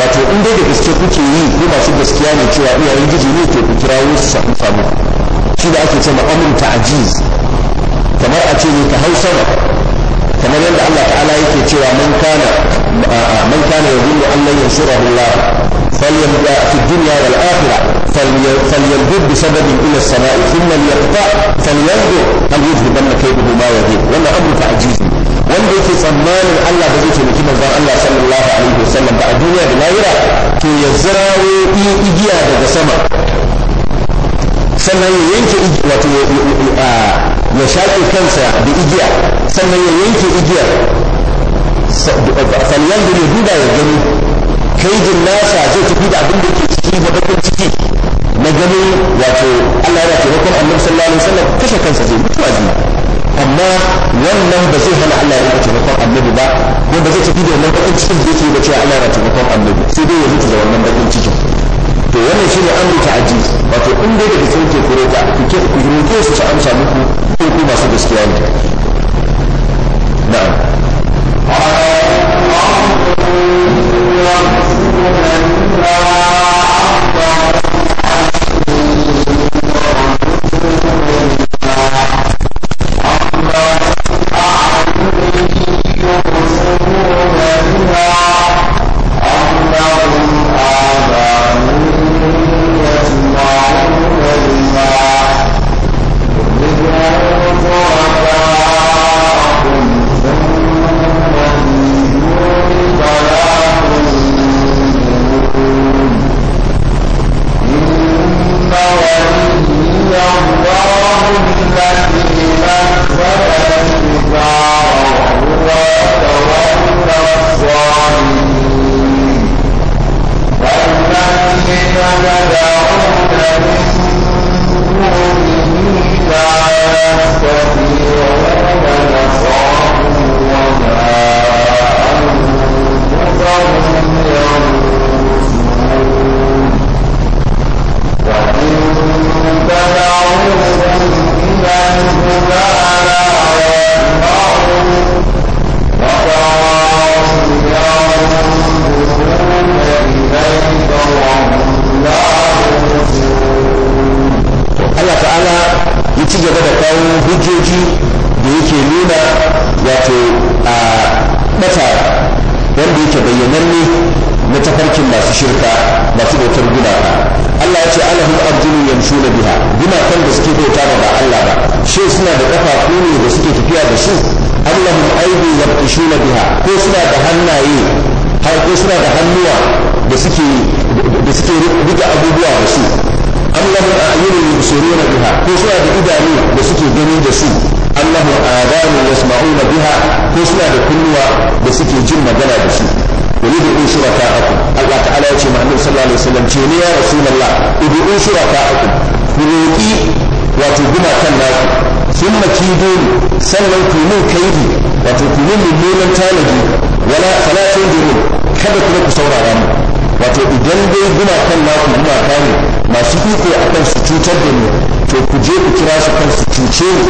wato in dai da gaske kuke yi ko masu gaskiya ne cewa iyayen giji ne to ku kira wasu samu samu shi da ake ce ma'amun ta'ajiz kamar a ce ne ka hausa kamar yadda Allah ta'ala yake cewa man kana man kana yadullu an la yansurahu Allah في الدنيا والآخرة فلينظر بسبب إلى السماء ثم ليقطع فلينظر هل يذهب كيده ما يذهب وأن أمرك عجيز وأنه في صمال الله بزيت لكما ظهر الله صلى الله عليه وسلم بعد الدنيا بلايرة كي يزرع ويجي هذا السماء سنة ينفي إجياء آه، يشاكل كنسة بإجياء سنة ينفي إجياء فلينظر يهودا يجنب kaidin nasa zai tafi da abin da ke ciki da bakin ciki na ganin wato Allah yana taimakon annabi sallallahu alaihi wasallam kashe kansa zai mutu a amma wannan ba zai hana Allah ya taimakon annabi ba ko ba zai tafi da wannan bakin cikin da yake da cewa Allah yana taimakon annabi sai dai ya mutu da wannan bakin cikin to wannan shi ne amru ta ajiz wato in dai da sun ke kure ta ku ke ku roke su ci amsa muku ko ku masu gaskiya ne na'am Allah. sannan ku min kaidi wato ku min mummunan tanaji wala fala tunjiru kada kuma ku saurara mu wato idan dai guma kan naku ne kan masu iko akan su cutar da mu to ku je ku kira su kan su cuce mu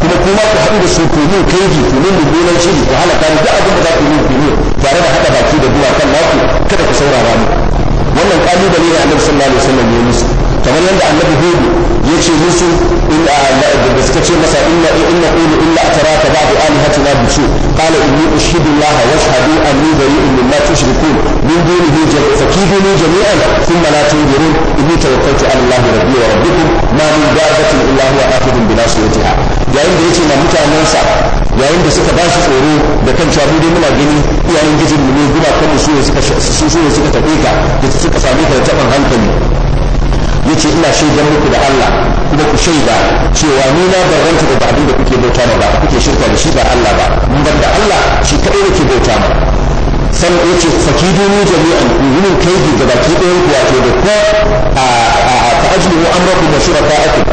kuma kuma ku haɗu da su ku min kaidi ku min mummunan shiri ku halaka mu duk abin da za ku ku tare da haɗa baki da guma kan naku kada ku saurara mu wannan kalubale ne annabi sallallahu alaihi wasallam ya musu kamar yadda annabi hudu ya ce musu da suka ce masa inna inna qulu illa ataraka ba'du alihatina bisu qala inni ushidu allah wa ashhadu anni bari'un mimma tushrikun min dunihi jami'an fakiduni jami'an thumma la tunzirun inni tawakkaltu ala allah rabbi wa rabbikum ma min dabbatin illa huwa akhidun bi nasiyatiha yayin da yace na mutanensa yayin da suka ba shi tsoro da kan cewa dai muna gani iyayen gijin mu ne guba kan su suka su suka tabe ka da suka same ka taban hankali yace ina shaidan muku da Allah kuma ku shaida cewa ni na barranta da abin da kuke bauta ba kuke shirka da shi ba Allah ba mun bar da Allah shi ne ke bauta ma san yace fakiduni jami'an yumin kai da baki ɗayan ku wato da ko a fa da amrakum wa shuraka'akum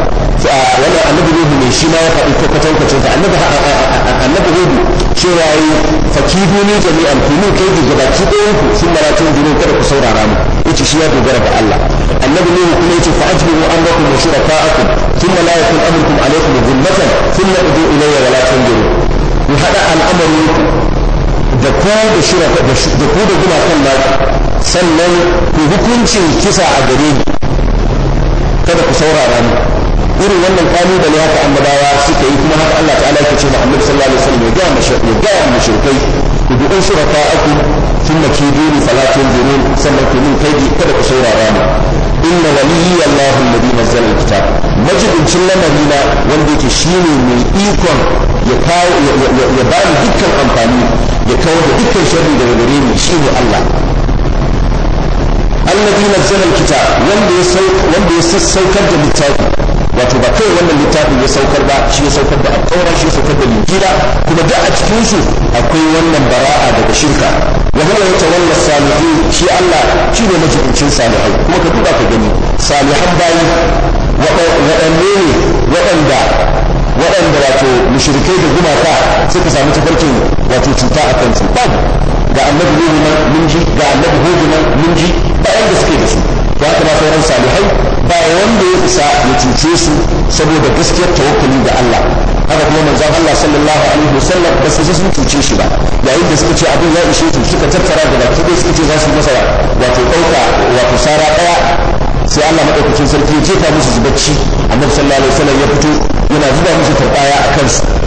wannan annabi ruhu ne shi ma ya faɗi ko kwatan ce ta annabi ruhu cewa yi fakidu ne jami'an ku min kai da baki ɗayan ku sun mara cin dinin kada ku saurara mu kasance shi ya dogara ga Allah annabi ne kuma yace fa ajbiru amrakum wa shurakaakum thumma la yakun amrukum alaykum dhimmatan thumma udu ilayya wa la tunziru mu hada al'amari da ku da shuraka da ku da gumakan naki sannan ku hukuncin kisa a gare ni kada ku saurara ni irin wannan da kalubale haka annabawa suka yi kuma haka Allah ta'ala yake ce Muhammad sallallahu alaihi wasallam ya ga mashrikai ya ga mashrikai ku bi usurata akum tun da ke biyu ne salatun zunun sannan ku min kai kada ku shaira ba ni inna waliyyi allahu alladhi nazzala alkitab majibincin lamari na wanda yake shine mai ikon ya kawo ya ba ni dukkan ya kawo da dukkan sharri daga gare ni shine allah alladhi nazzala alkitab wanda ya sassaukar da littafi wato ba kai wannan littafin ya saukar ba shi ya saukar da alkawarin shi ya saukar da injila kuma duk a cikin su akwai wannan bara'a daga shirka wa huwa yatawalla salihin shi Allah shi ne majibincin salihai kuma ka duba ka gani salihan bayi waɗanne ne waɗanda waɗanda wato mushrikai da gumaka suka samu tafarkin wato cuta a su babu ga annabi ne mun ji ga annabi hoji mun ji ba yanda suke da su ya haka ba sauran salihai ba wanda ya isa ya cince su saboda gaskiyar tawakkali da Allah haka kuma manzon Allah sallallahu alaihi wasallam ba su sun cince shi ba yayin da suka ce abin ya ishe su suka tattara da baki dai suka ce za su masa wato dauka wato sara daya sai Allah madaukakin sarki ya jefa musu zubacci annabi sallallahu alaihi wasallam ya fito yana zuba musu turbaya a kansu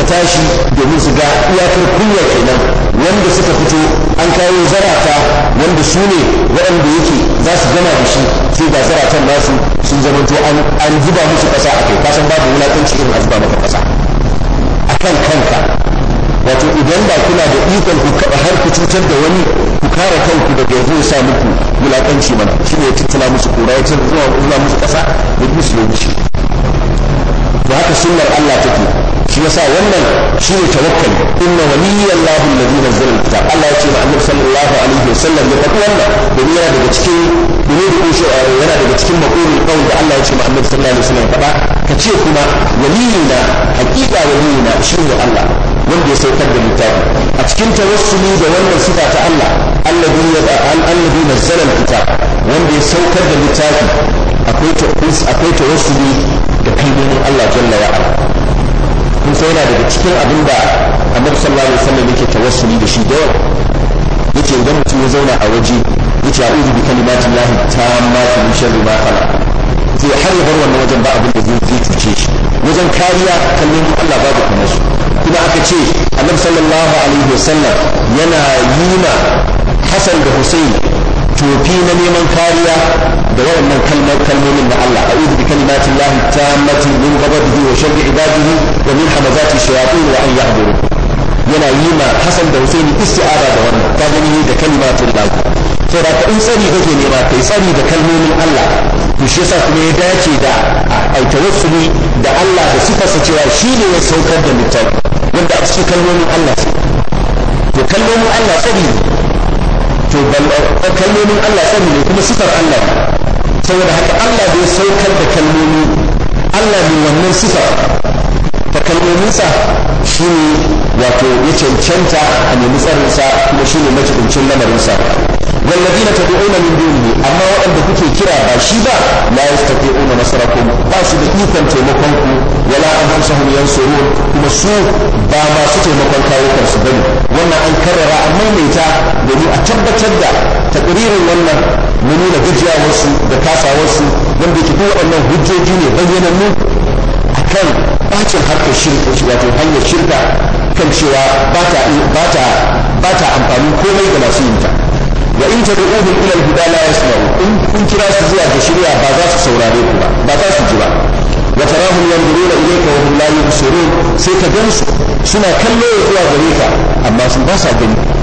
suka tashi domin su ga iyakar kunya kenan wanda suka fito an kayo zarata wanda su ne waɗanda yake za su gama da shi sai ga zaratan nasu sun zamanto an zuba musu ƙasa a kai kasan babu wulaƙanci irin a zuba maka ƙasa a kan kanka wato idan ba kuna da ikon ku kaɓa har ku cutar da wani ku kare kanku daga yanzu ya sa muku wulaƙanci mana shi ne ya tattala musu kura ya tattala musu ƙasa da musu yanci to haka sunnar Allah take shi yasa wannan shine tawakkali inna waliyallahu alladhi nazzala alkitab Allah ya ce ma sallallahu alaihi wasallam ya faɗi wannan domin yana daga cikin domin eh, yana daga cikin makonin kawai da Allah ya ce ma sallallahu alaihi wasallam faɗa ka ce kuma waliyina hakika shi ne Allah wanda ya saukar da littafi a cikin tawassuli da wannan sifa ta Allah alladhi ya alladhi nazzala alkitab wanda ya saukar da littafi akwai tawassuli da kalmomin Allah jalla wa'ala ita yana daga cikin abin da annabi sallallahu alaihi wasallam yake tawassuli da shi da yawa yake idan mutum ya zauna a waje yace a'udhu bi kalimatin lahi tammati min sharri ma khala sai har ya bar wannan wajen ba abin da zai cuce shi wajen kariya kallon Allah babu kamar su kuma aka ce annabi sallallahu alaihi wasallam yana yi ma Hassan da Hussein tofi na neman kariya da waɗannan kalmar kalmomin na Allah a'udhu bi kalimatin lahi tammatin min ghadabihi wa sharri ibadihi da min hamazati shayatin wa an yahduru yana yi ma Hassan da Hussein isti'aza da wannan ta gani da kalimatin lahi saboda ka in tsari kake nema kai tsari da kalmomin Allah to shi yasa kuma ya dace da ai tawassuli da Allah da sifarsa cewa shi ne ya saukar da littafi wanda a cikin kalmomin Allah ce to kalmomin Allah tsari ne to eh, kalmomin Allah tsari ne kuma sifar Allah ne saboda haka Allah bai saukar da kalmomi Allah mai wannan sifa ta kalmominsa shi ne wato ya cancanta a nemi tsarinsa kuma shi ne majibincin lamarinsa wallazi na tafi ona min ne amma waɗanda kuke kira ba shi ba la na nasrakum ba su da ikon taimakon ku wala yan soro kuma su ba masu taimakon kayukansu su ne. wannan an karara an maimaita domin a tabbatar da takririn wannan na gajiya wasu da kasawarsu wanda ke waɗannan hujjoji ne mu. a kan bacin harkar shirka wato hanyar shirka kan cewa ba ta amfani komai ga masu yinta wa in ta ru'uhum ila al-huda la yasma'u in kun kira su zuwa ga shirya ba za su saurare ku ba ba za su ji ba wa tarahum yanzuruna ilayka wa hum la yubsirun sai ka su suna kallo zuwa gare ka amma sun ba sa gani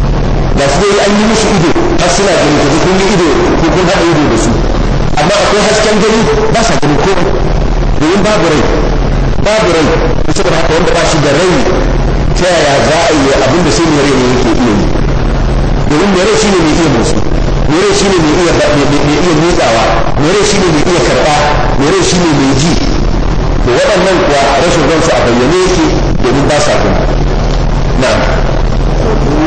dai an yi musu ido har suna gani ka kun yi ido ko kun haɗa ido da su amma akwai hasken gani ba sa gani ko domin babu rai babu rai da saboda haka wanda ba shi da rai ta yaya za a yi abin da sai mai rai ne yake iya yi domin mai shi ne mai iya motsi mai rai shi ne mai iya motsawa mai rai shi ne mai iya karɓa mai rai shi ne mai ji to waɗannan kuwa rashin ransu a bayyane yake domin ba sa gani na'am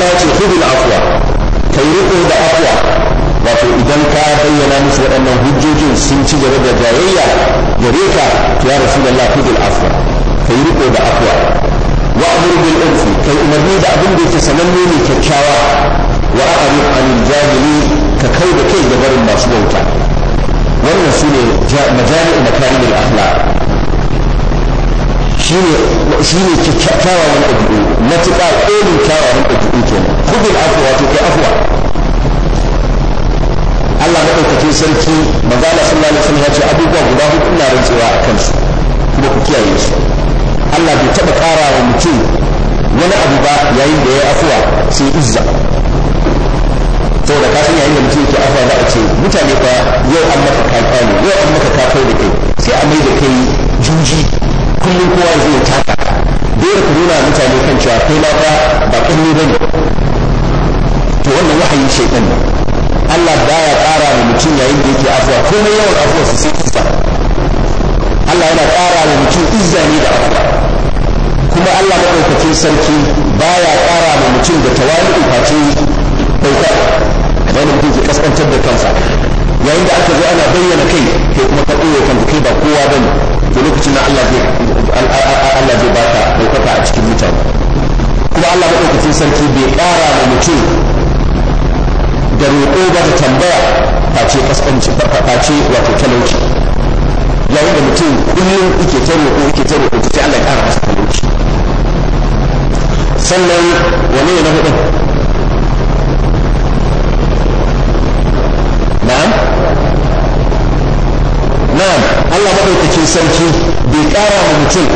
ta'ala ce hudul afwa kai riko da afwa wato idan ka bayyana musu waɗannan hujjojin sun ci gaba da jayayya gare ka to ya rasulullah hudul afwa kai riko da afwa wa amur bil urfi kai umarni da abin da yake sananne ne kyakkyawa wa a'rid anil jahili ka kai da kai da barin masu wauta wannan sune majami'u makarimil akhlaq shine kyakkyawan ɗabi'u matuƙa ƙolin kyawawan ɗabi'u kenan hudul afuwa wato kai afuwa Allah na maɗaukakin sarki magana sallallahu alaihi wasallam ya abubuwa guda hudu ina rantsewa a kansu kuma ku kiyaye su Allah bai taɓa ƙara wa mutum wani abu ba yayin da ya afuwa sai izza saboda ka san yayin da mutum yake afuwa za a ce mutane ba yau an maka kakani yau an maka kakau da kai sai a mai da kai juji kullum kowa zai yi taka dole ku nuna mutane kan cewa kai ma fa ba kullu bane to wannan wahayi shaytan ne Allah baya ƙara wa mutum yayin da yake afuwa komai yawan afuwa su sai kisa Allah yana ƙara wa mutum izza ne da afuwa kuma Allah maɗaukakin sarki baya ƙara wa mutum da tawali'u face ɗauka kamar da mutum ke kaskantar da kansa yayin da aka zo ana bayyana kai kai kuma ka ɓoye kanka kai ba kowa bane to lokacin da Allah zai Allah zai baka ɗaukaka a cikin mutane kuma Allah maɗaukakin sarki bai ƙara ma mutum da roƙo ba ta tambaya ba kaskanci ce wato talauci yayin da mutum kullum yake ta roƙo yake ta roƙo ta Allah ya ƙara masa talauci sannan wani ne na hudu na'am Allah madaukakin sarki bai kara wa mutum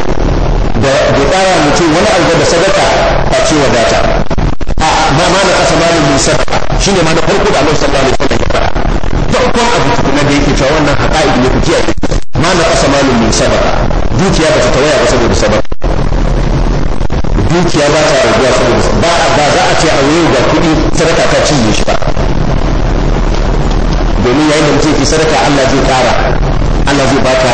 da bai kara mutum wani alba da sadaka wa data a ma ma na kasa ma min sadaka shine ma na farko da Allah sallallahu alaihi wasallam ya fara farkon abu tukuna da yake cewa wannan haqa'iq ne ku kiyaye ma na kasa ma min sadaka dukiya ba ta tawaya ba saboda sadaka dukiya ba ta rubuwa saboda ba ba za a ce a yau da kuɗi sadaka ta cinye shi ba domin yayin da mutum ke sadaka Allah zai kara Allah zai baka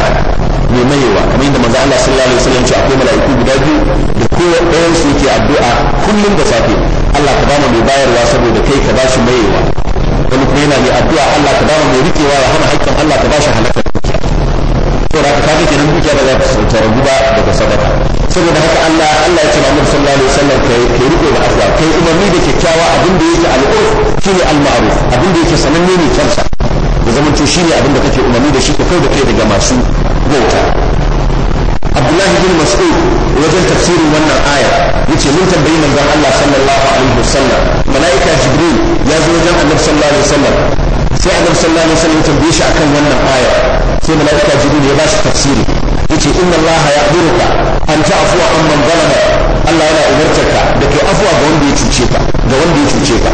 mai mayewa kamar yadda manzo Allah sallallahu alaihi wasallam ce akwai mala'iku guda biyu da kowa ɗayan su yake addu'a kullum da safe Allah ka bamu mai bayarwa saboda kai ka bashi mayewa wani kuma yana mai addu'a Allah ka bamu mai rikewa ya hana haƙƙin Allah ka bashi halakar dukiya to da ka kaga kenan dukiya ba za ta sauta rabu ba daga sadaka saboda haka Allah Allah ya ce Muhammad sallallahu alaihi wasallam kai kai riko da afwa kai umarni da kyakkyawa abin da yake al'urf shine al-ma'ruf abin da yake sananne ne kansa da zaman to ne abin da kake umarni da shi ka kai da kai daga masu bauta Abdullahi bin Mas'ud wajen tafsirin wannan aya yace mun tambayi manzon Allah sallallahu alaihi wasallam malaika Jibril ya zo wajen Annabi sallallahu alaihi wasallam sai Annabi sallallahu alaihi wasallam tambaye shi akan wannan aya sai malaika Jibril ya ba shi tafsiri yace inna allaha ya'muruka an ta'fuwa amman zalama Allah yana umartarka da kai afwa ga wanda ya cuce ka ga wanda ya cuce ka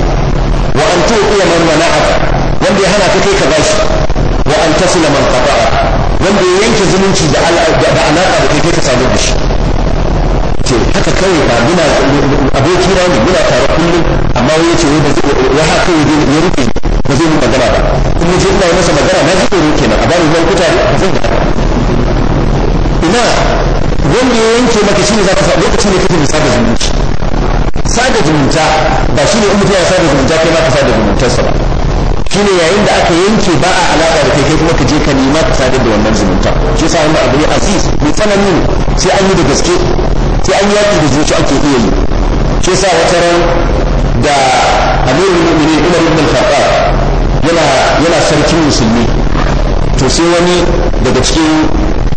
wa an tuqiya man mana'aka wanda ya hana ka kai ka bashi wa an tasila man qata'a wanda ya yanke zumunci da da alaka da kai ka samu da shi ce haka kawai ba muna aboki na ne muna tare kullum amma wani ce wai ya haka ya rufe ba zai yi magana ba in je ina yi masa magana na ji tsoro na a bani ruwan kuta zan ga ina wanda ya yanke maka shine zaka sa lokacin da kake misali zumunci sada zumunta ba shine in mutum ya sada zumunta kai ma ka sada zumuntarsa ba shine yayin da aka yanke ba a alaka da kai kai kuma ka je ka nema ka sadar da wannan zumunta shi sa wannan abu ne aziz mai tsanani sai an yi da gaske sai an yaki da zuci ake iya yi shi sa wata ran da amirul mu'minin Umar ibn al-Khattab yana sarkin musulmi to sai wani daga cikin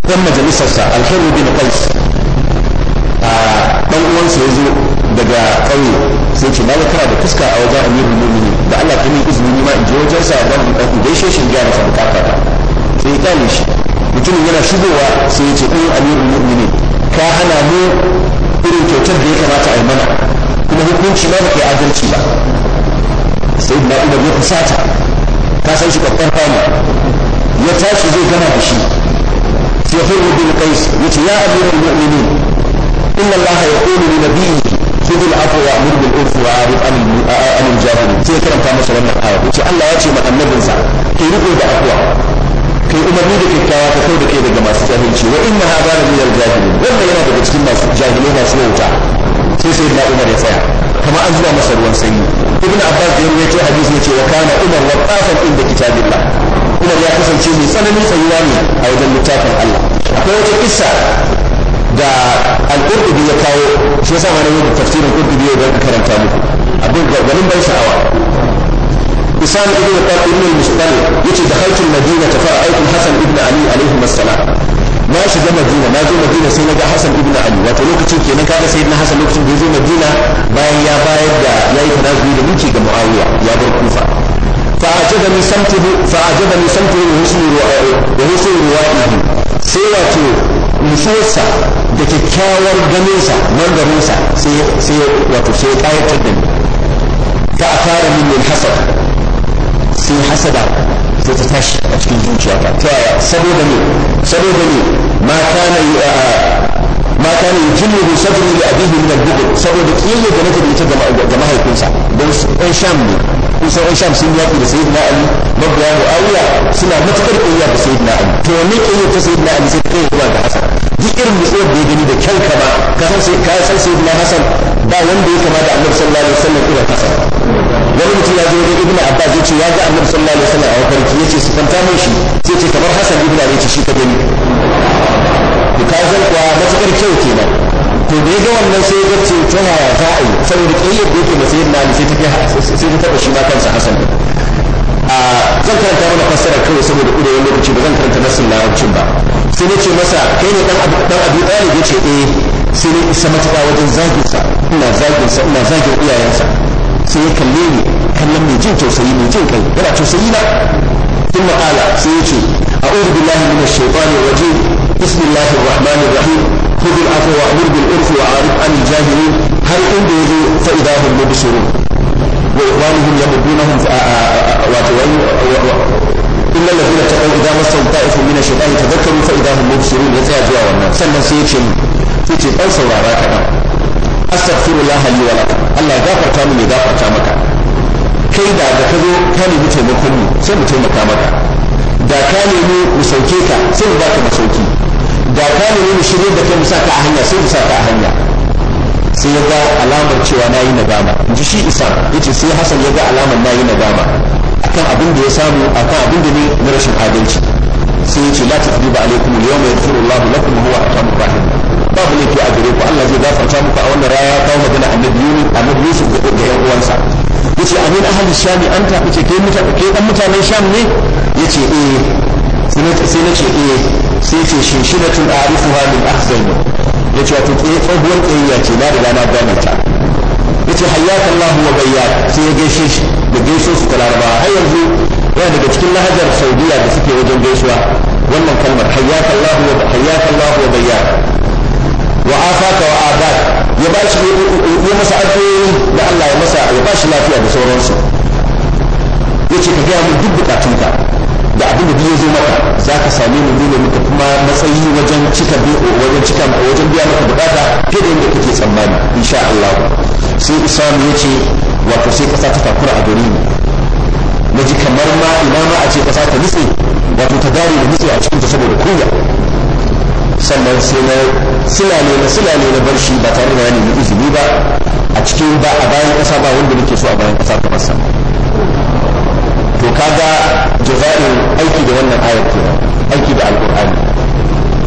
dan majalisarsa al bin Qais a dan uwansa ya zo daga ƙauye sai ce na da fuska a wajen amirul mu'minin da Allah ta yi izini ma in je wajen sa ba da da gaishe shi ga masa bukata ta sai ya kale shi mutumin yana shigowa sai ya ce in eh, amirul mu'minin ka hana mu irin kyautar da ya kamata a yi mana kuma hukunci ma ba kai adalci ba sai na idan ya fusata ka san shi babban fama ya tashi zai gama da shi sai ya hurru bin qais yace ya amirul mu'minin inna allaha yaqulu li nabiyyi khudh al-afwa wa'mur bil urfi wa'rid 'anil jahilin sai karanta masa wannan aya yace Allah ya ce ma annabinsa ki riko da afwa kai umarni da kyakkyawa ta kai da ke daga masu jahilci wa inna hadha la min al-jahilin wanda yana daga cikin masu jahilai masu wauta sai sai na Umar ya tsaya kamar an zuwa masa ruwan sanyi ibn abbas da ya rawaito hadisi ce. wa kana umar wa qafan inda kitabillah umar ya kasance mai tsananin tsayuwa ne a wajen littafin Allah akwai wata kissa da al-qurtubi ya kawo shi yasa ma nayi tafsirin qurtubi ya dan karanta muku abin gargarin ban sha'awa isan ibn qab ibn al-mustali yace da haikin madina ta fara aikin hasan ibn ali alaihi assalam na shiga madina na je madina sai na ga hasan ibn ali wato lokacin kenan kaga sayyidina hasan lokacin da ya zo madina bayan ya bayar da yayi tanazuyi da muke ga muawiya ya bar kufa فأعجبني سمته فأعجبني سمته وحسن وحسن روائه sai wato nutsuwarsa da kyakkyawar ganinsa mangarinsa sai wato sai ƙayatar da ni ta fara min min hasada sai hasada sai ta tashi a cikin zuciyata ta yaya saboda ne saboda ne ma kana ma kana yujillu sadri li abihi min al-bukhl saboda kiyayya da nake da ita ga mahaifinsa don ɗan sham ne kusan ɗan sham sun yaƙi da sayyidina ali mabiya muawiya suna matukar kiyayya da sayyidina ali to ne kiyayya ta sayyidina ali sai ta kai zuwa ga hasan duk irin mutuwar da ya gani da kyau kama ka san sai ka hasan ba wanda ya kamata annabi sallallahu alaihi wasallam ina kasa wani mutum ya je wajen ibnu abbas ya ce ya ga annabi sallallahu alaihi wasallam a wakarki ya ce su fanta mai shi sai ce kamar hasan ibn ali ce shi ka gani da ka san kuwa matukar kyau kenan to da ya ga wannan sai ya ce tana ya yi saboda ƙayyar da yake masayar na ali sai ta sai ta taɓa shi ma kansa hasan zan karanta mana fassara kawai saboda kudayen lokaci ba zan karanta nasin larabcin ba sai na ce masa kai ne dan abu ɗalib ya ce eh sai na isa matuƙa wajen zaginsa ina zaginsa ina zagin iyayensa sai ya kalle ni kallon mai jin tausayi mai jin kai yana tausayi na tun sai ثم قال سيجي أعوذ بالله من الشيطان الرجيم بسم الله الرحمن الرحيم خذ العفو وأمر بالعرف وأعرض عن الجاهلين هل عنده فإذا هم مبصرون wa ikhwanuhum yamudunahum wato wani illa lazina taqaw idza massahu ta'ifun min ash-shaytani tadhakkaru fa idza hum mubsirun ya tsaya zuwa wannan sannan sai ya ce mu sai ce dan saurara kaɗan Allah mu ya maka kai da da ka ka nemi taimakon mu sai mu taimaka maka da ka nemi mu sauke ka sai mu baka masauki da ka nemi mu shirye da kai mu sa ka a hanya sai mu sa ka a hanya sai ya ga alamar cewa na yi nadama in ji shi isa ya ce sai hasan ya ga alamar na yi nadama akan abin da ya samu akan abin da ne na rashin adalci sai ya ce la ta ba alaikum allahu yaghfirullahu lakum huwa arhamur rahim babu laifi a gare ku Allah zai gafarta muku a wannan raya ya kawo magana annabi Yunus annabi Yusuf da yan uwansa yace amin ahli shami an ta kai mutane kai dan mutanen sham ne ce eh sai na ce eh sai ce shi na tun shidatun a'rifuha min ahzayni ya ce wato tsohuwar tsayayya ce na riga na gane ta ya ce hayyaka Allah wa bayya sai ya gaishe shi da gaishe su ta laraba har yanzu yana daga cikin lahajar saudiya da suke wajen gaisuwa wannan kalmar hayyaka Allah wa hayyaka Allah wa bayya wa afaka wa abat ya ba shi ya masa addu'o'i da Allah ya masa ya ba shi lafiya da sauransu ya ce ka gaya min duk bukatunka da abin da ya zo maka za ka sami mu dole muka kuma matsayi wajen cika wajen cika wajen biya maka bukata fiye da yadda kake tsammani insha Allah sai Islam ya ce wato sai kasa ta takura a gare ni na ji kamar ma ina a ce kasa ta nutse wato ta dare da nutse a cikin ta saboda kunya sannan sai na silale na silale na barshi ba tare da yana izini ba a cikin ba a bayan kasa ba wanda nake so a bayan kasa ta sa kaga jaza'in aiki da wannan ayar ke aiki da alqur'ani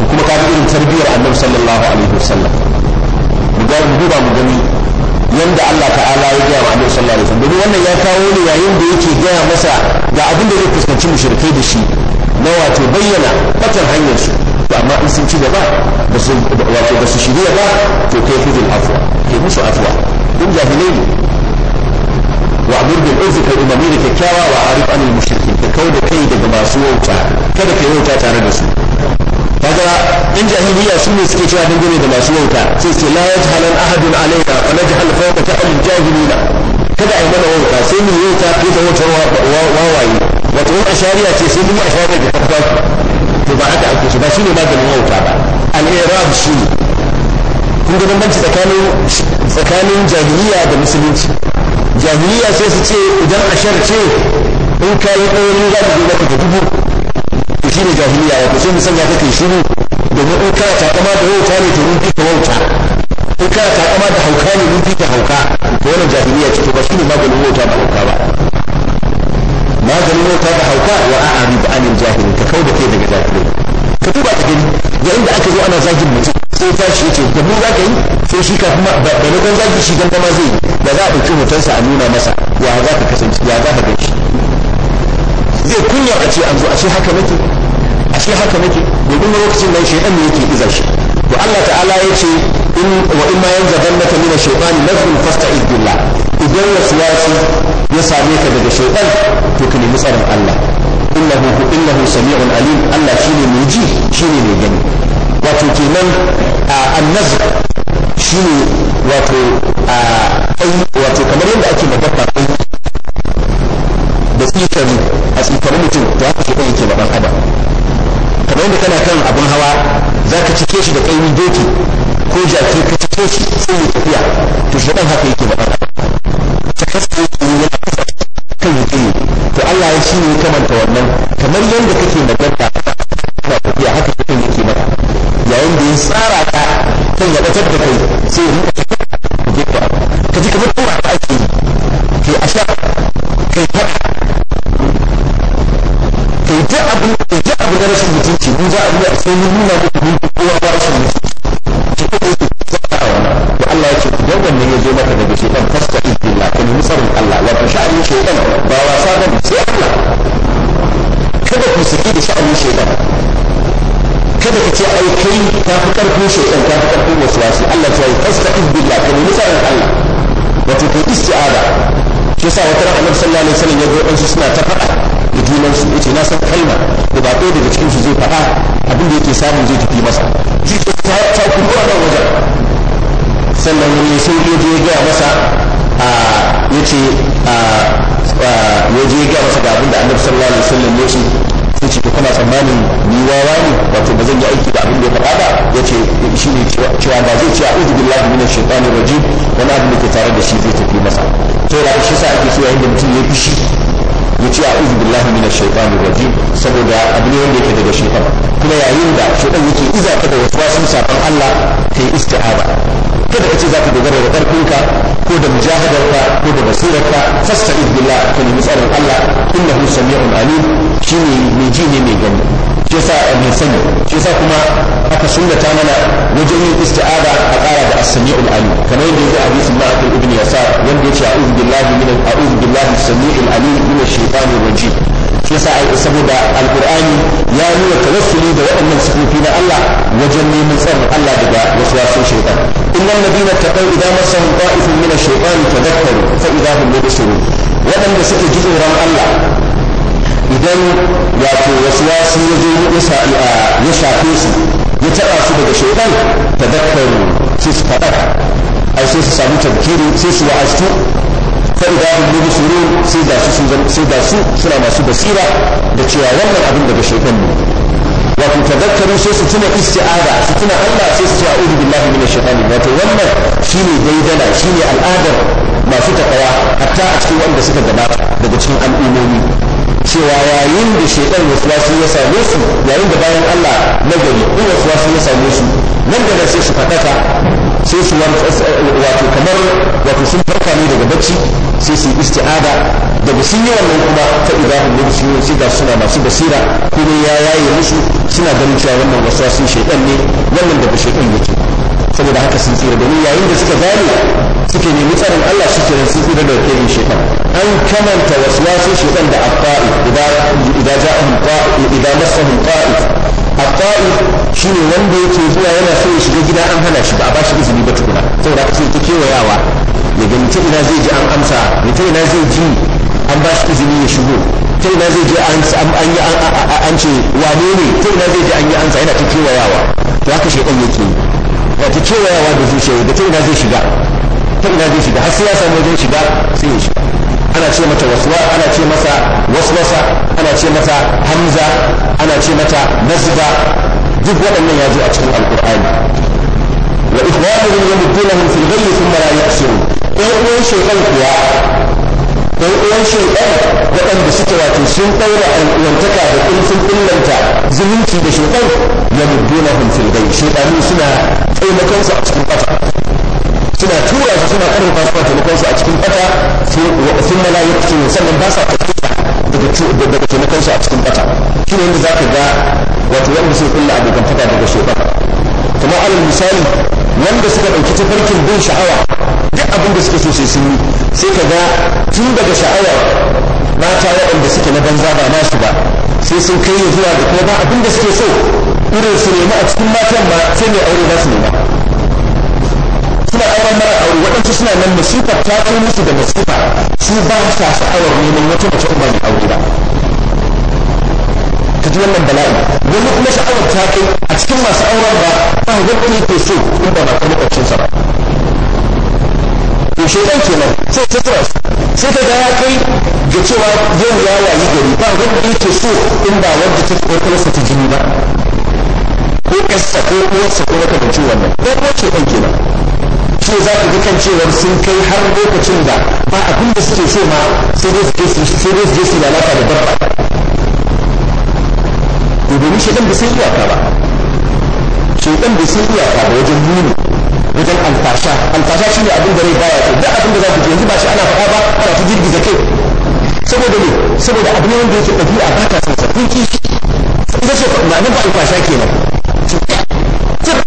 kuma kaga irin tarbiyar annabi sallallahu alaihi wasallam mu ga mu duba mu gani yanda Allah ta'ala ya gaya wa annabi sallallahu alaihi wasallam wannan ya kawo ne yayin da yake gaya masa ga abin da zai fuskanci mushrikai da shi na wato bayyana fatan hanyar su to amma in sun ci gaba ba su wato ba su shirya ba to kai zin afwa kai musu afwa in jahilai ne wa amur bil imami da kyakkyawa wa arif anil mushrikin ka da kai daga masu wauta kada ka wauta tare da su kaga in jahiliya su ne suke cewa dangane da masu wauta sai ce la yajhalan ahadun alaina wa najhal fawqa ta'al jahilina kada ai mana wauta sai mu wauta ko ta wautar wawaye wato a shari'a ce sai mu shari'a da kafa to ba aka ake so ba shine maganin wauta ba al-i'rab shi kun ga bambanci tsakanin tsakanin jahiliya da musulunci jahiliya sai su ce idan ashar ce in ka yi ɗauri za ka maka da dubu to shi ne jahiliya ya kusa musan ta kai shiru domin in kana takama da wauta ne to mun fi ka wauta in kana takama da hauka ne mun fi hauka to wannan jahiliya ce to ba shi ne maganin wauta ba hauka ba maganin wauta da hauka wa a'ari ba anil jahili ka kau da kai daga jahili ka duba ta gani da inda aka zo ana zagin mutum sai ta shi ce gabu za ka yi sai shi kafin maimakon zaki shi gangama zai yi da za a ɗauki hotonsa a nuna masa ya za ka kasance ya za ka gaci zai kunya a ce an zo a ce haka nake a ce haka nake domin lokacin nan shaidan ne yake iza shi to Allah ta'ala ya ce in wa in ma yanzaghannaka min ash-shaytani nazghun fasta'id billah idan waswasi ya same ka daga shaidan to ka nemi tsarin Allah innahu innahu sami'un alim Allah shine mai ji shine mai gani wato kenan annazar shi ne wato wato kamar yadda ake magabba da tsikari a tsikari mutum da haka shi yake gaban adam kamar yadda kana kan abun hawa za ka cike shi da kaimi doki ko jaki ka cike shi sai ya tafiya to shi dan haka yake gaban adam ta kasance yana kan yake to Allah ya shi ne kamanta wannan kamar yadda kake magabba na tafiya haka Sim. Vocês nunca wato ko isti'ada shi yasa wata ran annabi sallallahu alaihi wasallam ya ga wadansu suna ta faɗa da junan su yace na san kalma da ba ɗaya daga cikin su zai faɗa abin da yake samu zai tafi masa shi ce ta ta ku kuma nan wajen sallallahu alaihi wasallam ya je ya masa a yace a ya ga masa ga abin da annabi sallallahu alaihi wasallam ya ce ce to kana tsammanin ni wawa ne wato ba zan yi aiki da abin da ya faɗa ba ya ce eh, shi ne cewa da zai ce a'udhu billahi minash shaitani rajim wani abin da ke tare da shi zai tafi masa to da shi sa ake cewa yadda da mutum ya fi shi ya ce a'udhu billahi minash shaitani rajim saboda abu ne wanda yake daga shaitan kuma yayin da shaitan yake iza ka da wasu safan Allah yi isti'aza kada ka ce za ka dogara da ƙarfinka ko da mujahadarka ko da basirarka fasta'id billah ka nemi tsarin Allah innahu sami'un alim shi ne mai ji ne mai gani shi yasa mai sani shi yasa kuma aka sunnata mana wajen yin isti'ada a ƙara da as-sami'ul alim kamar yadda yake hadisin ma'akil ibn yasar wanda yace a'udhu billahi min a'udhu billahi as-sami'ul alim min ash-shaytanir rajim shi yasa ai saboda alqur'ani ya nuna tawassuli da waɗannan sifofi na Allah wajen neman tsarin Allah daga waswasin shaytan innal ladina taqaw idza massahum ta'ifun min ash-shaytani tadhakkaru fa idza hum mubsirun waɗanda suke ji tsoron Allah idan wato wasu wasu ya shafe su ya taɓa su daga shaidan ta dakkaru sai su faɗa ai sai su samu tabkiri sai su wa'astu su idza hum mubsirun sai da su sai da su suna masu basira da cewa wannan abin daga shaidan ne wato tadakkaru sai su tuna isti'ada su tuna Allah sai su ce na billahi minash shaitani wato wannan shine daidala shine al'adar masu takawa hatta a cikin wanda suka gabata daga cikin al'ummomi cewa yayin da shaitan wasu ya same su yayin da bayan Allah na gari ko wasu ya same su nan da sai su fatata sai su wato kamar wato sun farka ne daga bacci sai su yi isti'ada ba sun yi wannan kuma ta idahun ne su sai ga suna masu basira kuma ya yaye musu suna ganin cewa wannan wasu shaitan ne wannan daga shaitan yake saboda haka sun tsira domin yayin da suka gane suke nemi tsarin Allah shi ke su da dauke ni shaitan an kamanta waswasu shaitan da afa'i idan idan ja'ahum ta'if idan masahum ta'if afa'i shine wanda yake zuwa yana so ya shiga gida an hana shi ba a ba shi izini ba tukuna saboda sai ta kewayawa ya gani ta ina zai ji an amsa ya ta ina zai ji an ba shi izini ya shigo ta ina zai ji an yi an ce wane ne ta ina zai ji an yi ansa yana ta kewayawa to haka shaitan yake yi ya ta kewayawa da zuciya da ta ina zai shiga ta ina zai shiga har sai ya samu wajen shiga sai ya shiga ana ce mata waswa ana ce masa waswasa ana ce mata hamza ana ce mata nazba duk waɗannan ya zo a cikin alkur'ani wa ikhwanuhum yamuddunahum fil ghayyi thumma la ya'sirun ɗan uwan shaytan kuwa ɗan uwan shaytan waɗanda suke wato sun ɗaura al'uwantaka da sun ƙullanta zumunci da shaytan yamuddunahum fil ghayyi shaytanu suna taimakonsa a cikin ƙasa suna tura su suna karfafa su taimakon su a cikin fata sun na layi su sannan ba sa tafiya daga taimakon su a cikin fata shi ne za ka ga wato wanda sun kulla abokan fata daga shoban kamar alal misali wanda suka ɗauki tafarkin bin sha'awa duk abin da suka so sai sun yi sai ka ga tun daga sha'awa mata waɗanda suke na banza ba nasu ba sai sun kai zuwa da kuma ba abin da suke so irin su nemi a cikin matan ma sai mai aure ba su nema da auren mara aure waɗansu suna nan masifar ta kai musu da masifa su ba sa sha'awar neman wata mace in ba aure ba ta ji wannan bala'i wani kuma sha'awar ta kai a cikin masu auren ba ba wanda ke so in ba matar sa ba to shaitan kenan sai ta tura sai ka ga ya kai ga cewa yau ya wayi gari ba wanda yake so in ba wanda ta kwakwalwarsa ta jini ba ko ƙasa ko uwarsa ko ciwon nan ko kuma shaitan kenan ƙarshe za ku kan cewar sun kai har lokacin da ba abin da suke so ma sai dai su je su lalata da dabba to domin shaidan bai san iyaka ba shaidan bai san iyaka ba wajen nuni wajen alfasha alfasha shine abin da rai baya ce duk abin da za ku ji yanzu ba shi ana faɗa ba ana ta girgiza kai saboda ne saboda abu ne wanda yake ɗabi'a ba ta san sabbin kishi ita ce ma'anar ba alfasha kenan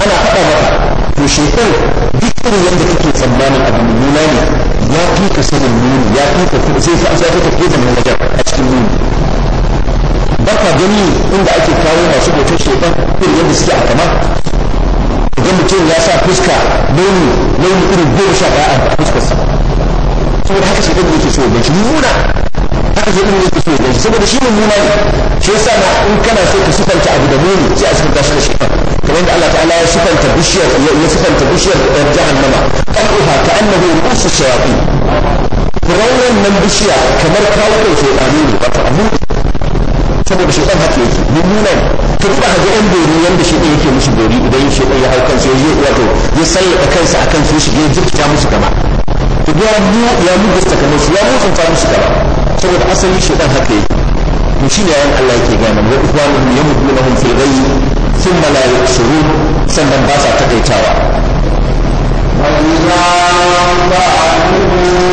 ana faɗa maka to shekar dukkan yadda kake tsammanin abu nuna ne ya fi ka sanin muni ya fi ka sai ka sai ka ke zama wajen a cikin muni ba ka gani inda ake kawo masu bautar shekar irin yadda suke a kama idan mutum ya sa fuska launi launi irin goma sha ɗaya a fuskarsa saboda haka shi ne yake so ya shi mummuna haka shi ne yake so ya saboda shi mummuna ne shi yasa ma in kana so ka sifanta abu da muni sai a sifanta shi da shaitan kamar yadda Allah ta'ala ya sifanta bishiyar ya sifanta bishiyar da jahannama kan uha ka annahu rusu shayatin raunin nan bishiya kamar kawo kai shaitanu ne wato abu saboda shaitan haka yake mummunan ka duba haji yan bori yanda shaitan yake musu bori idan shaitan ya hau kansa ya wato ya sallaka kansa a kan su shige ya jirkita musu gaba ku ga mu ya mu kamar shi ya mu tsinta musu gaba saboda asali shi dan haka yake shi ne yayin Allah yake gane wa ikhwanuhum yamdunahum fil ghayb thumma la yashurun sannan ba sa takaitawa wa idza ba'athum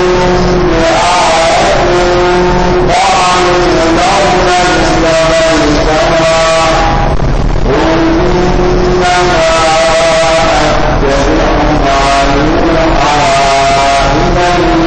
Thank you.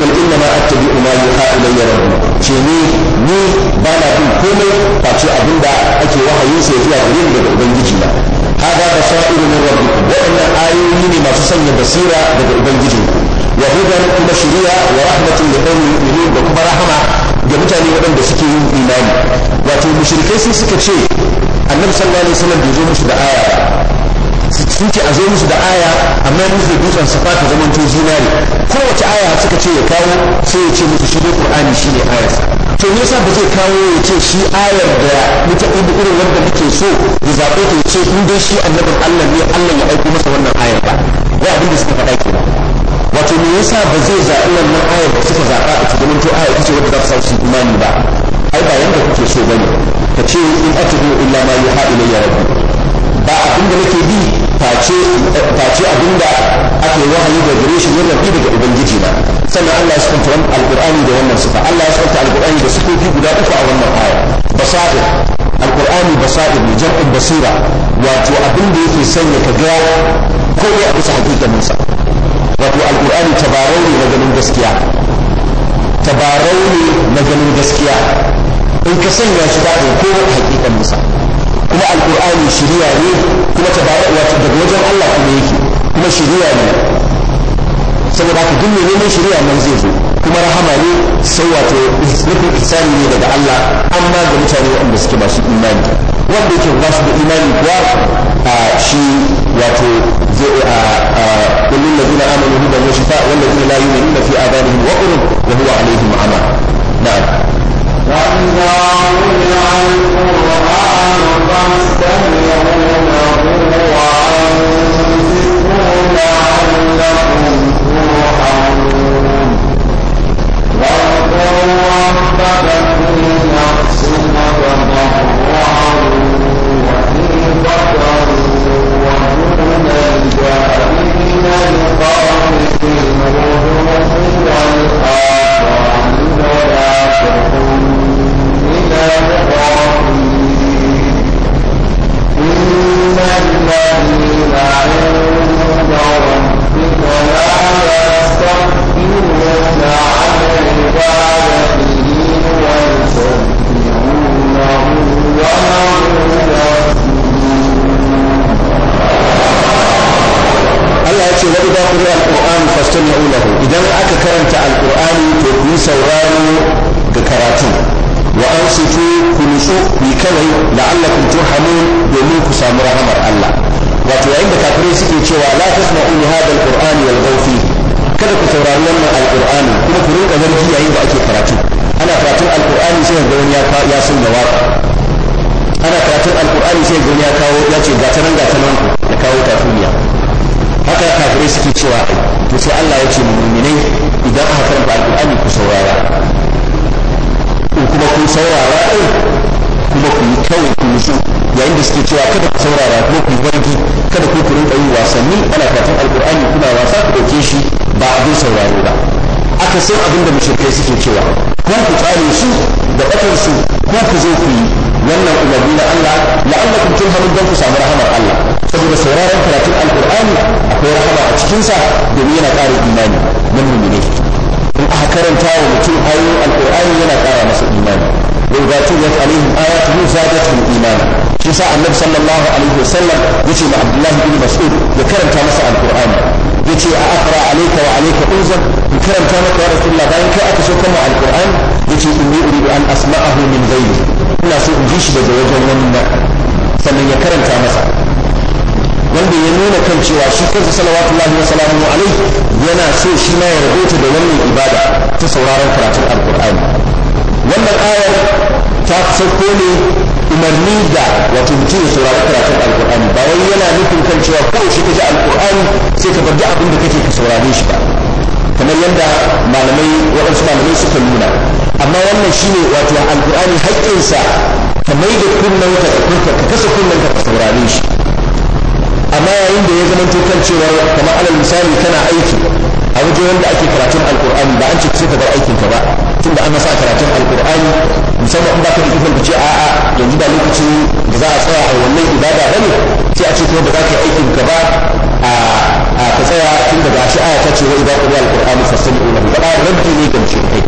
kul inna ma attabi'u ma yuha ilayya rabbi ce ni ni ba na bin komai face abinda ake wahayi sa zuwa gare ni daga ubangiji na hada basairu min rabbikum waɗannan ayoyi ne masu sanya basira daga ubangijinku wa hudan kuma shari'a wa rahmatun da ɗan mu'minin da kuma rahama ga mutane waɗanda suke yin imani wato mushrikai sai suka ce annabi sallallahu alaihi wasallam bai zo musu da aya su suke a zo musu da aya amma musu da dutsen safa ta zaman to zinari kowace aya suka ce ya kawo sai ya ce musu shi ne qur'ani shi ne ayar to me yasa ba zai kawo ya ce shi ayar da muke ibu irin wanda muke so ya zaɓe ta ya ce in dai shi annabin Allah ne Allah ya aiko masa wannan ayar ba ya abin da suka faɗa kenan wato me yasa ba zai zaɓi wannan ayar da suka zaɓa a cikin to aya ita ce wadda za ta sa imani ba ai ba yanda kuke so bane ka ce in atubu illa ma yuha ilayya rabbi ba abin da nake bi face abin da ake wahayi da gare shi bi daga ubangiji ba. sannan Allah ya sukanta wannan alqur'ani da wannan sifa Allah ya sukanta alqur'ani da sifofi guda uku a wannan aya basair alqur'ani basair ne jam'in basira wato abin da yake sanya ka ga komai a bisa hakikanin sa wato alqur'ani tabarau ne na ganin gaskiya tabarau ne na ganin gaskiya in ka sanya shi za ko komai a hakikanin sa shiriya ne kuma ta wato daga wajen Allah kuma yake kuma shiriya ne saboda haka duk ne ne shiriya nan zai zo kuma rahama ne sai wato nufin ihsani ne daga Allah amma ga mutane waɗanda suke masu imani wanda yake ba su da imani kuwa a shi wato zai a kullum da zina amanu hudan wa shifa wanda zai la yu'minuna fi adanihim wa qurun wa huwa alaihim ama na'am فإذا قرئ القرآن فاستمعوا له وأنصتوا لعلكم ترحمون واذكر ربك في نفسك تضرعا وخيفة ودون الجاهلين لقوم الرجوع والآخرين ولا الذين عند ربك لا يستكبرون عن عبادته ويسبحونه ومن Allah ya ce wa idan aka karanta al-Qur'ani to ku ga karatun wa an situ kawai da Allah kun turhamun domin ku samu rahamar Allah wato yayin da kafirai suke cewa la tasma'u li hadha al wal kada ku saurari wannan alqur'ani kuma ku rinka zargi yayin da ake karatu ana karatun alqur'ani sai ga wani ya ya sun waka ana karatun alqur'ani sai ga wani ya kawo ya ce gata ya kawo tatsuniya haka kafirai suke cewa to sai Allah ya ce mu'minai idan aka karanta alqur'ani ku saurara kun saurara ɗin kuma ku yi kawai ku nutsu yayin da suke cewa kada ku saurara kuma ku yi kada ku ku rinka yi wasanni ana fatan alƙur'ani kuna wasa ku ɗauke shi ba abin sauraro ba aka san abin da mushrikai suke cewa ku ku tsare su da ƙasar su ku ku zo ku yi wannan umarni na Allah la'allakum turhamun don ku samu rahamar Allah saboda sauraron karatun alƙur'ani akwai rahama a cikinsa domin yana ƙara imani nan mu ne in aka karanta wa mutum ayoyin alkur'ani yana ƙara masa imani yau ga tu yat alaihim ayatu zadatuhum imana shi sa annabi sallallahu alaihi wasallam yace ma abdullahi ibn mas'ud ya karanta masa alkur'ani yace a aqra alayka wa alayka uzr in karanta maka ya rasulullah bayan kai aka so kuma alkur'ani yace inni uridu an asma'ahu min ghayri ina so in ji shi daga wajen wani sannan ya karanta masa wanda ya nuna kan cewa shi kansa salawatullahi wa salamu alaihi yana so shi ma ya rubuta da wannan ibada ta sauraron karatun alkur'ani wannan ayar ta sauko ne umarni da wato mutum ya saurari karatun alkur'ani ba wai yana nufin kan cewa ko shi ka ji alkur'ani sai ka bar duk abin da kake ka saurare shi ba kamar yadda malamai waɗansu malamai suka nuna amma wannan shine wato alkur'ani haƙƙinsa ka mai da kunnen ka ka kasa kunnanka ka ka saurare shi amma yayin da ya zama kan cewa kamar alal misali kana aiki a waje wanda ake karatun alkur'ani ba an ce sai ka bar aikin ka ba tun da an masa karatun alkur'ani musamman in ba ka da ikon ka ce a'a yanzu ba lokaci da za a tsaya a wannan ibada ba ne sai a ce kuma ba za ka aikin ka ba a ka tsaya tun da gashi aya ta ce wa idan quriya alkur'ani fastami'u lahu ba rabbi ne gamshe kai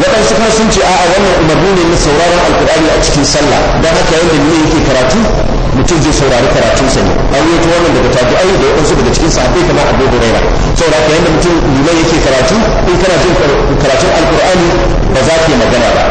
waɗansu kuma sun ce a'a wannan umarni ne na sauraron alkur'ani a cikin sallah don haka yadda ne yake karatu mutum zai saurari karatun sa ne an yi wannan daga ayi da wadansu daga cikin sahabbai kamar Abu Huraira saboda haka yanda mutum liman yake karatu in kana jin karatun alkur'ani ba za ka yi magana ba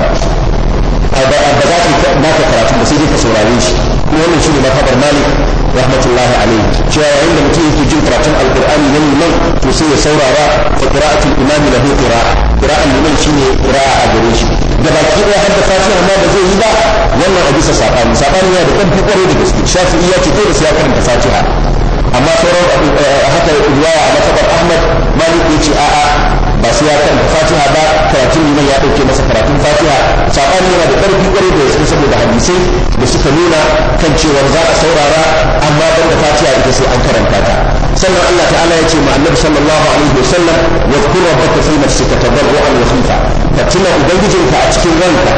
ba za ka naka karatun ba sai dai ka saurare shi wannan shi ne mazhabar Malik rahmatullahi alaihi cewa yayin da mutum yake jin karatun alqur'ani nan liman to sai ya saurara fa qira'atul imami lahu qira'a qira'an shi shine qira'a a gare shi da baki ɗaya har da fatiha ma ba zai yi ba wannan a bisa sabani sabani yana da fi kwarai da gaske shafi'i ya ce dole sai ya karanta fatiha amma sauran eh, haka riwaya a masabar ahmad malik ya ce a'a ba su ya kan fatiha ba karatun liman ya ɗauke masa karatun fatiha saɓani yana da karfi ƙwarai da yasin saboda hadisai da suka nuna kan cewa za a saurara amma ban da fatiha ita sai an karanta ta sannan Allah ta'ala ya ce ma annabi sallallahu alaihi wa sallam wa dhkur rabbaka fi nafsika tadarruan wa khifa ka tuna ubangijinka a cikin ranka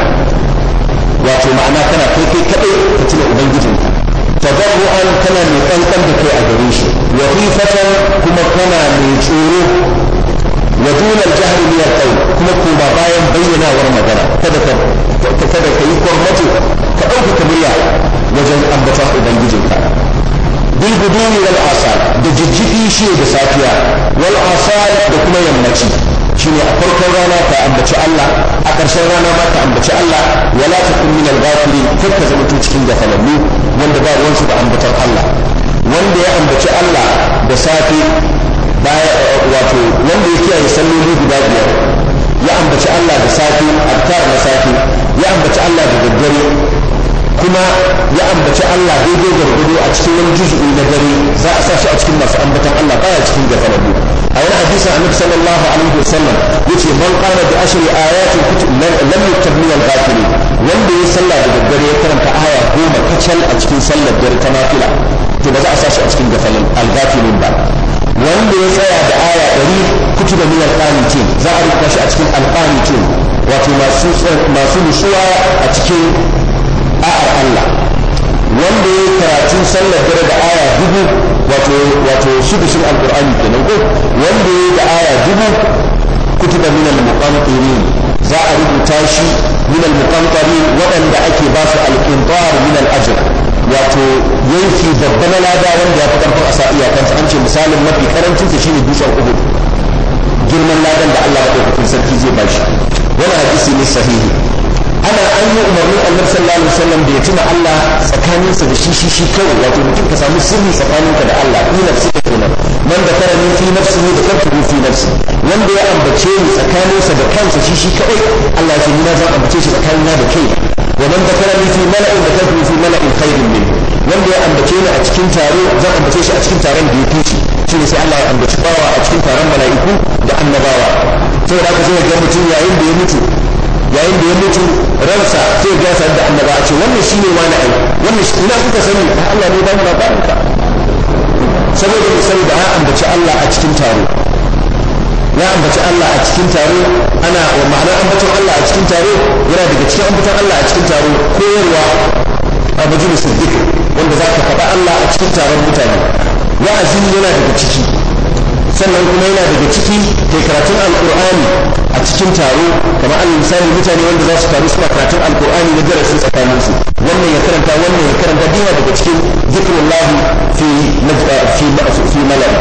wato ma'ana kana kai kai kadai ka tuna ubangijinka tabarru'an tana mai ɗanɗan da kai a gare shi wa khifatan kuma kana mai tsoro wa dunal jahri min kuma kuma bayan bayyanawar magana kada ka kada ka yi kwarmato ka ɗauki kamriya wajen ambaton ubangijinka bil gudumi wal asal da jijjifi shi da safiya wal da kuma yammaci shine a farkon rana ka ambaci Allah a karshen rana ma ka ambaci Allah wala takun min al-ghafili kar ka zama to cikin gafalallu wanda ba ruwan su ambatar Allah wanda ya ambaci Allah da safe wato wanda ya kiyaye salloli guda biyar ya ambaci Allah da safe na safe ya ambaci Allah da kuma ya ambaci Allah daidai gwargwado a cikin wani juz'i na dare za a sa shi a cikin masu ambatan Allah baya cikin gafalallu a wani hadisin annabi sallallahu alaihi wasallam yace man qala bi ashri ayatin kutub lam yuktab min al wanda ya sallah da daddare ya karanta aya goma kacal a cikin sallar dare ta nafila to ba za a sashi a cikin gafalin al ba wanda ya tsaya da aya ɗari kutu da min al-qanitin za a rubuta shi a cikin al-qanitin wato masu masu a cikin a'ar Allah wanda ya karatu sallar dare da aya dubu wato wato shibishin alqur'ani kenan ko wanda ya da aya dubu kutuba min al-muqantirin za a rubuta shi min al-muqantirin waɗanda ake ba su al-qintar min al-ajr wato yanki babban lada wanda ya fi karfin iya kanta an ce misalin mafi karancin sa shine dusar ubu girman ladan da Allah ya ɗaukakin sarki zai shi wannan hadisi ne sahihi ana an yi umarnin annabi sallallahu alaihi wasallam da ya tuna Allah tsakaninsa da shi shi shi kawai wato mutum ka samu sirri tsakaninka da Allah fi nafsi ka kenan man da fara ni fi nafsi ne da kanku fi nafsi wanda ya ambace ni tsakaninsa da kansa shi shi kawai Allah ya ni na zan ambace shi tsakanina da kai wa man da fara ni fi mala'in da kanku fi mala'in khairin min wanda ya ambace ni a cikin taro zan ambace shi a cikin taron da ya fice shi shi ne sai Allah ya ambaci bawa a cikin taron mala'iku da annabawa sai haka ka ga mutum yayin da ya mutu yayin da ya mutu ransa zai ga sa da annaba a ce wannan shine wani ai wannan shi ina kuka sani ah, Allah ne ba mu labarin ka saboda mu sani da an ambaci Allah a cikin taro ya ambaci Allah a cikin taro ana wa ma'ana ambacin Allah a cikin taro yana daga cikin ambacin Allah a cikin taro koyarwa a majalisul dhikr wanda za ka faɗa Allah a cikin taron mutane wa'azi yana daga ciki sannan kuma yana daga ciki kai karatun alkur'ani a cikin taro kamar an misali mutane wanda za su taru suna karatun alkur'ani na darasin tsakanin su wannan ya karanta wannan ya karanta dina daga cikin zikrullah fi fi malal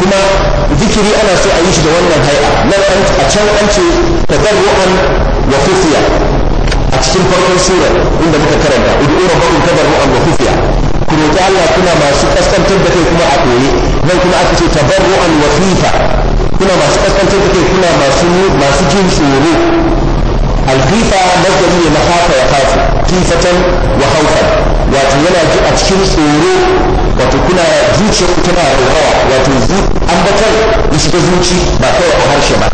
kuma zikiri ana so a yi shi da wannan hai'a nan a can an ce tadarru'an wa khufiya a cikin farkon sura inda muka karanta ud'u rabbakum tadarru'an wa khufiya roƙi Allah kuna masu kaskantar da kai kuma a ɗore nan kuma aka ce tabarru'an wa khifa kuna masu kaskantar da kai kuna masu jin tsoro alkhifa masdari ne na khafa ya khafu khifatan wa khawfan wato yana ji a cikin tsoro wato kuna zuciyar ku tana rawa wato ambatar ya shiga zuci ba kawai a harshe ba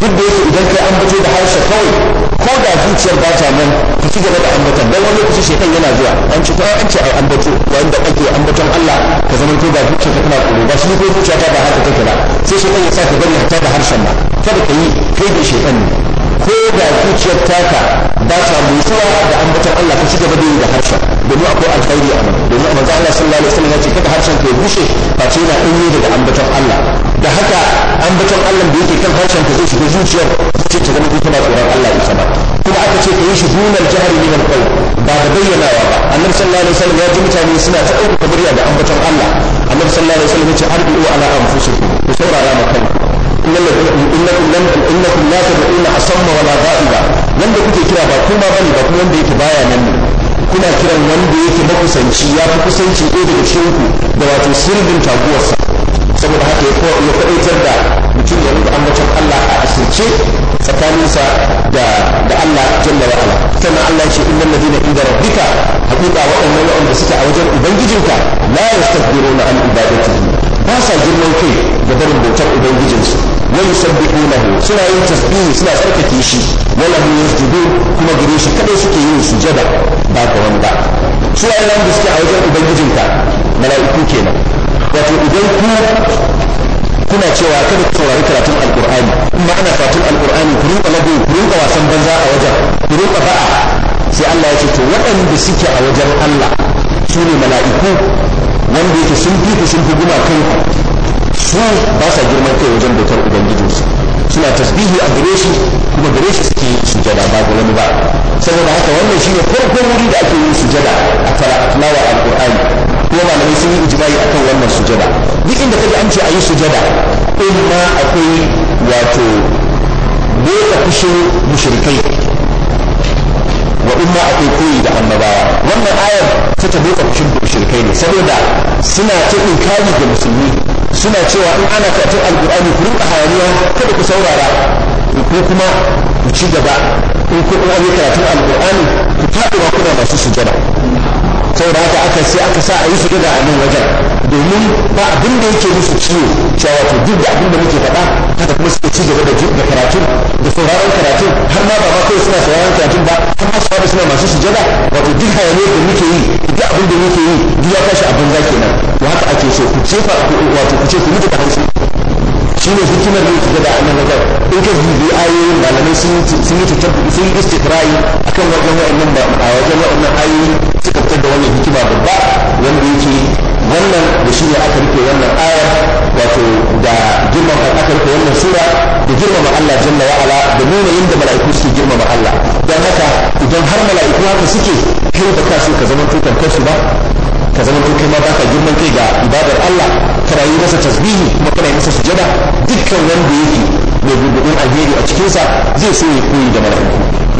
duk da yake idan kai ambato da harshe kawai ko da zuciyar ba ta nan ki ci gaba da ambatan dan wani lokaci shekan yana zuwa an ci a an ce ai ambato yayin da ake ambaton Allah ka zama ko da zuciyar ta tana kuro ba shi ko zuciya ta ba haka take ba sai shekan ya sa ka bari ta da harshen ma kada ka yi kai da shekan ne ko da zuciyar taka ba ta mutuwa da ambaton Allah ka ci gaba da yi da harshen domin akwai alkhairi a nan domin manzo Allah sallallahu alaihi wasallam ya ce kada harshen ka ya bushe ba ce yana ɗanye daga ambaton Allah da haka an ambaton Allah da yake kan harshen ka zai shiga zuciyar ce ta zama tana tsoron Allah ita ba kuma aka ce ka yi shi dunar jihar min alqaul ba da bayyanawa ba annabi sallallahu alaihi wasallam ya ji mutane suna ta ɗaukaka murya da ambaton Allah annabi sallallahu alaihi wasallam ya ce ardu ala anfusikum ku saurara ma kanku innakum lam innakum la tad'una asamma wala ghaiba wanda kuke kira ba kuma bane ba kuma wanda yake baya nan ne kuna kiran wanda yake makusanci ya fi kusanci ɗaya daga cikin ku da wato sirrin taguwarsa saboda haka ya ya kwaɗaitar da mutum ya rinka ambacin Allah a asirce tsakaninsa da da Allah jalla wa ala kana Allah ce innal ladina inda rabbika haqiqa waɗannan waɗanda suke a wajen ubangijinka la yastakbiruna an ibadatihi ba sa girman kai ga barin bautar ubangijinsu wani sabbihu lahu suna yin tasbihi suna tsarkake shi wala hum yasjudun kuma gare shi kadai suke yin sujada ba ga wani ba su ayyukan da suke a wajen ubangijinka mala'iku kenan wato idan ku kuna cewa kada ku saurari karatun alkur'ani kuma ana karatun alkur'ani ku rinka lagu ku rinka wasan banza a wajen ku rinka fa'a sai Allah ya ce to waɗanda suke a wajen Allah su ne mala'iku wanda yake sun fi ku sun fi gumakan su ba sa girman kai wajen dokar ubangijinsu suna tasbihi a gare shi kuma gare shi suke yi sujada ba ga wani ba saboda haka wannan shine farkon wuri da ake yin sujada a talawa alkur'ani kuma malamai sun yi ijimai akan wannan sujada duk inda kaji an ce a yi sujada in ma akwai wato buɗe kushin mushrikai wa in ma akwai koyi da annabawa wannan ayar ta ta buɗe mushrikai ne saboda suna ta inkari ga musulmi suna cewa in ana karatun alkur'ani ku rinka hayaniya kada ku saurara ko kuma ku ci gaba in ku yi karatun alkur'ani ku wa kuna masu sujada saboda haka aka sai aka sa a yi su daga a nan wajen domin ba abin da yake musu ciwo cewa wato duk da abin da muke faɗa haka kuma suke ci gaba da karatu da sauraron karatu har ma ba ma kawai suna sauraron karatu ba har ma sauraron suna masu sujada wato duk hayaniyar da muke yi duk abin da muke yi duk ya tashi abin za kenan to haka ake so ku jefa wato ku ce ku mutu da hausa shi ne hikimar yin sujada a nan wajen in ka bibi ayoyin malamai sun yi da sun yi istifrai a kan wajen wa'annan ba a wajen wa'annan ayoyi suka fitar da wannan hikima babba wanda yake wannan da shi ne aka rike wannan aya wato da girmama aka rike wannan sura da girmama Allah jalla wa'ala da nuna yadda mala'iku suke girmama Allah don haka idan har mala'iku haka suke kai ba ka so ka zama tutar kansu ba ka zama to kai ma ka girman kai ga ibadar Allah ka rayu masa tasbihi kuma kana yi masa sujada dukkan wanda yake mai gurgurdun alheri a cikinsa zai so ya koyi da mara.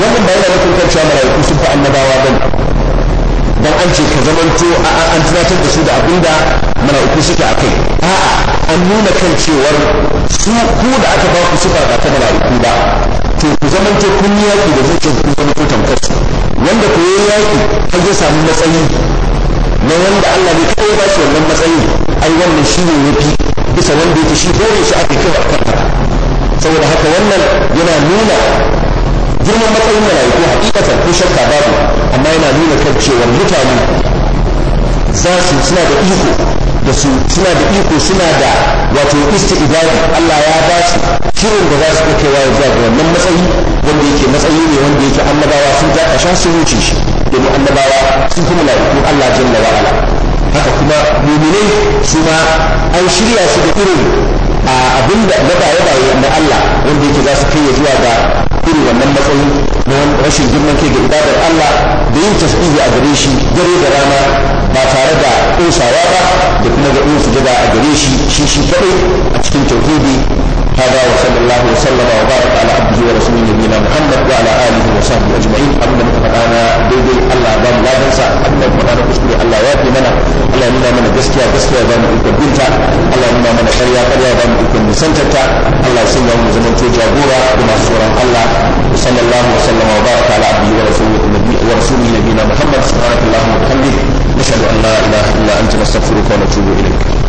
wannan ba yana nufin kan cewa mala'iku sun fi annabawa ba dan an ce ka zamanto an tunatar da su da abinda mala'iku suke a kai a'a an nuna kan cewar su ku da aka ba ku suka ba ta mala'iku ba to ku zamanto kun yi yaki da zuciyar ku ku tamkar su wanda ku yi yaki har zai samu matsayi na wanda Allah ne kawai ba shi wannan matsayi ai wannan shi ne yafi bisa wanda yake shi dole shi ake kyau a kanta saboda haka wannan yana nuna girman matsayin malaiku hakikatan ko shakka babu amma yana nuna kan cewa mutane za su suna da iko da su suna da iko suna da wato Allah ya ba su shirin da za su kaiwa ya zuwa ga wannan matsayi wanda yake matsayi ne wanda yake annabawa sun ta kasha su wuce shi domin annabawa sun Allah jalla wa ala haka kuma muminai su ma an shirya su da irin a abinda na baye-baye na Allah wanda yake za su kai ya zuwa ga irin wannan matsayin na rashin girman kai ga ibadar Allah da yin tasbihi a gare shi dare da rana ba tare da ƙosawa ba da kuma ga yin sujada a gare shi shi shi kaɗai a cikin tauhidi هذا وصلى الله وسلم وبارك على عبده ورسوله نبينا محمد وعلى اله وصحبه اجمعين ابدا متفقانا ديدي الله بان لا تنسى ابدا متفقانا كشكري الله يأتي منا الله يمنا منا جسكيا جسكيا بان يكون بنتا الله يمنا منا قريا قريا بان يكون مسنتتا الله يسمى ومزمن تجابورا بما سورة الله وصلى الله وسلم وبارك على عبده ورسوله ورسوله نبينا محمد سبحانك اللهم وبحمدك نشهد ان لا اله الا انت نستغفرك ونتوب اليك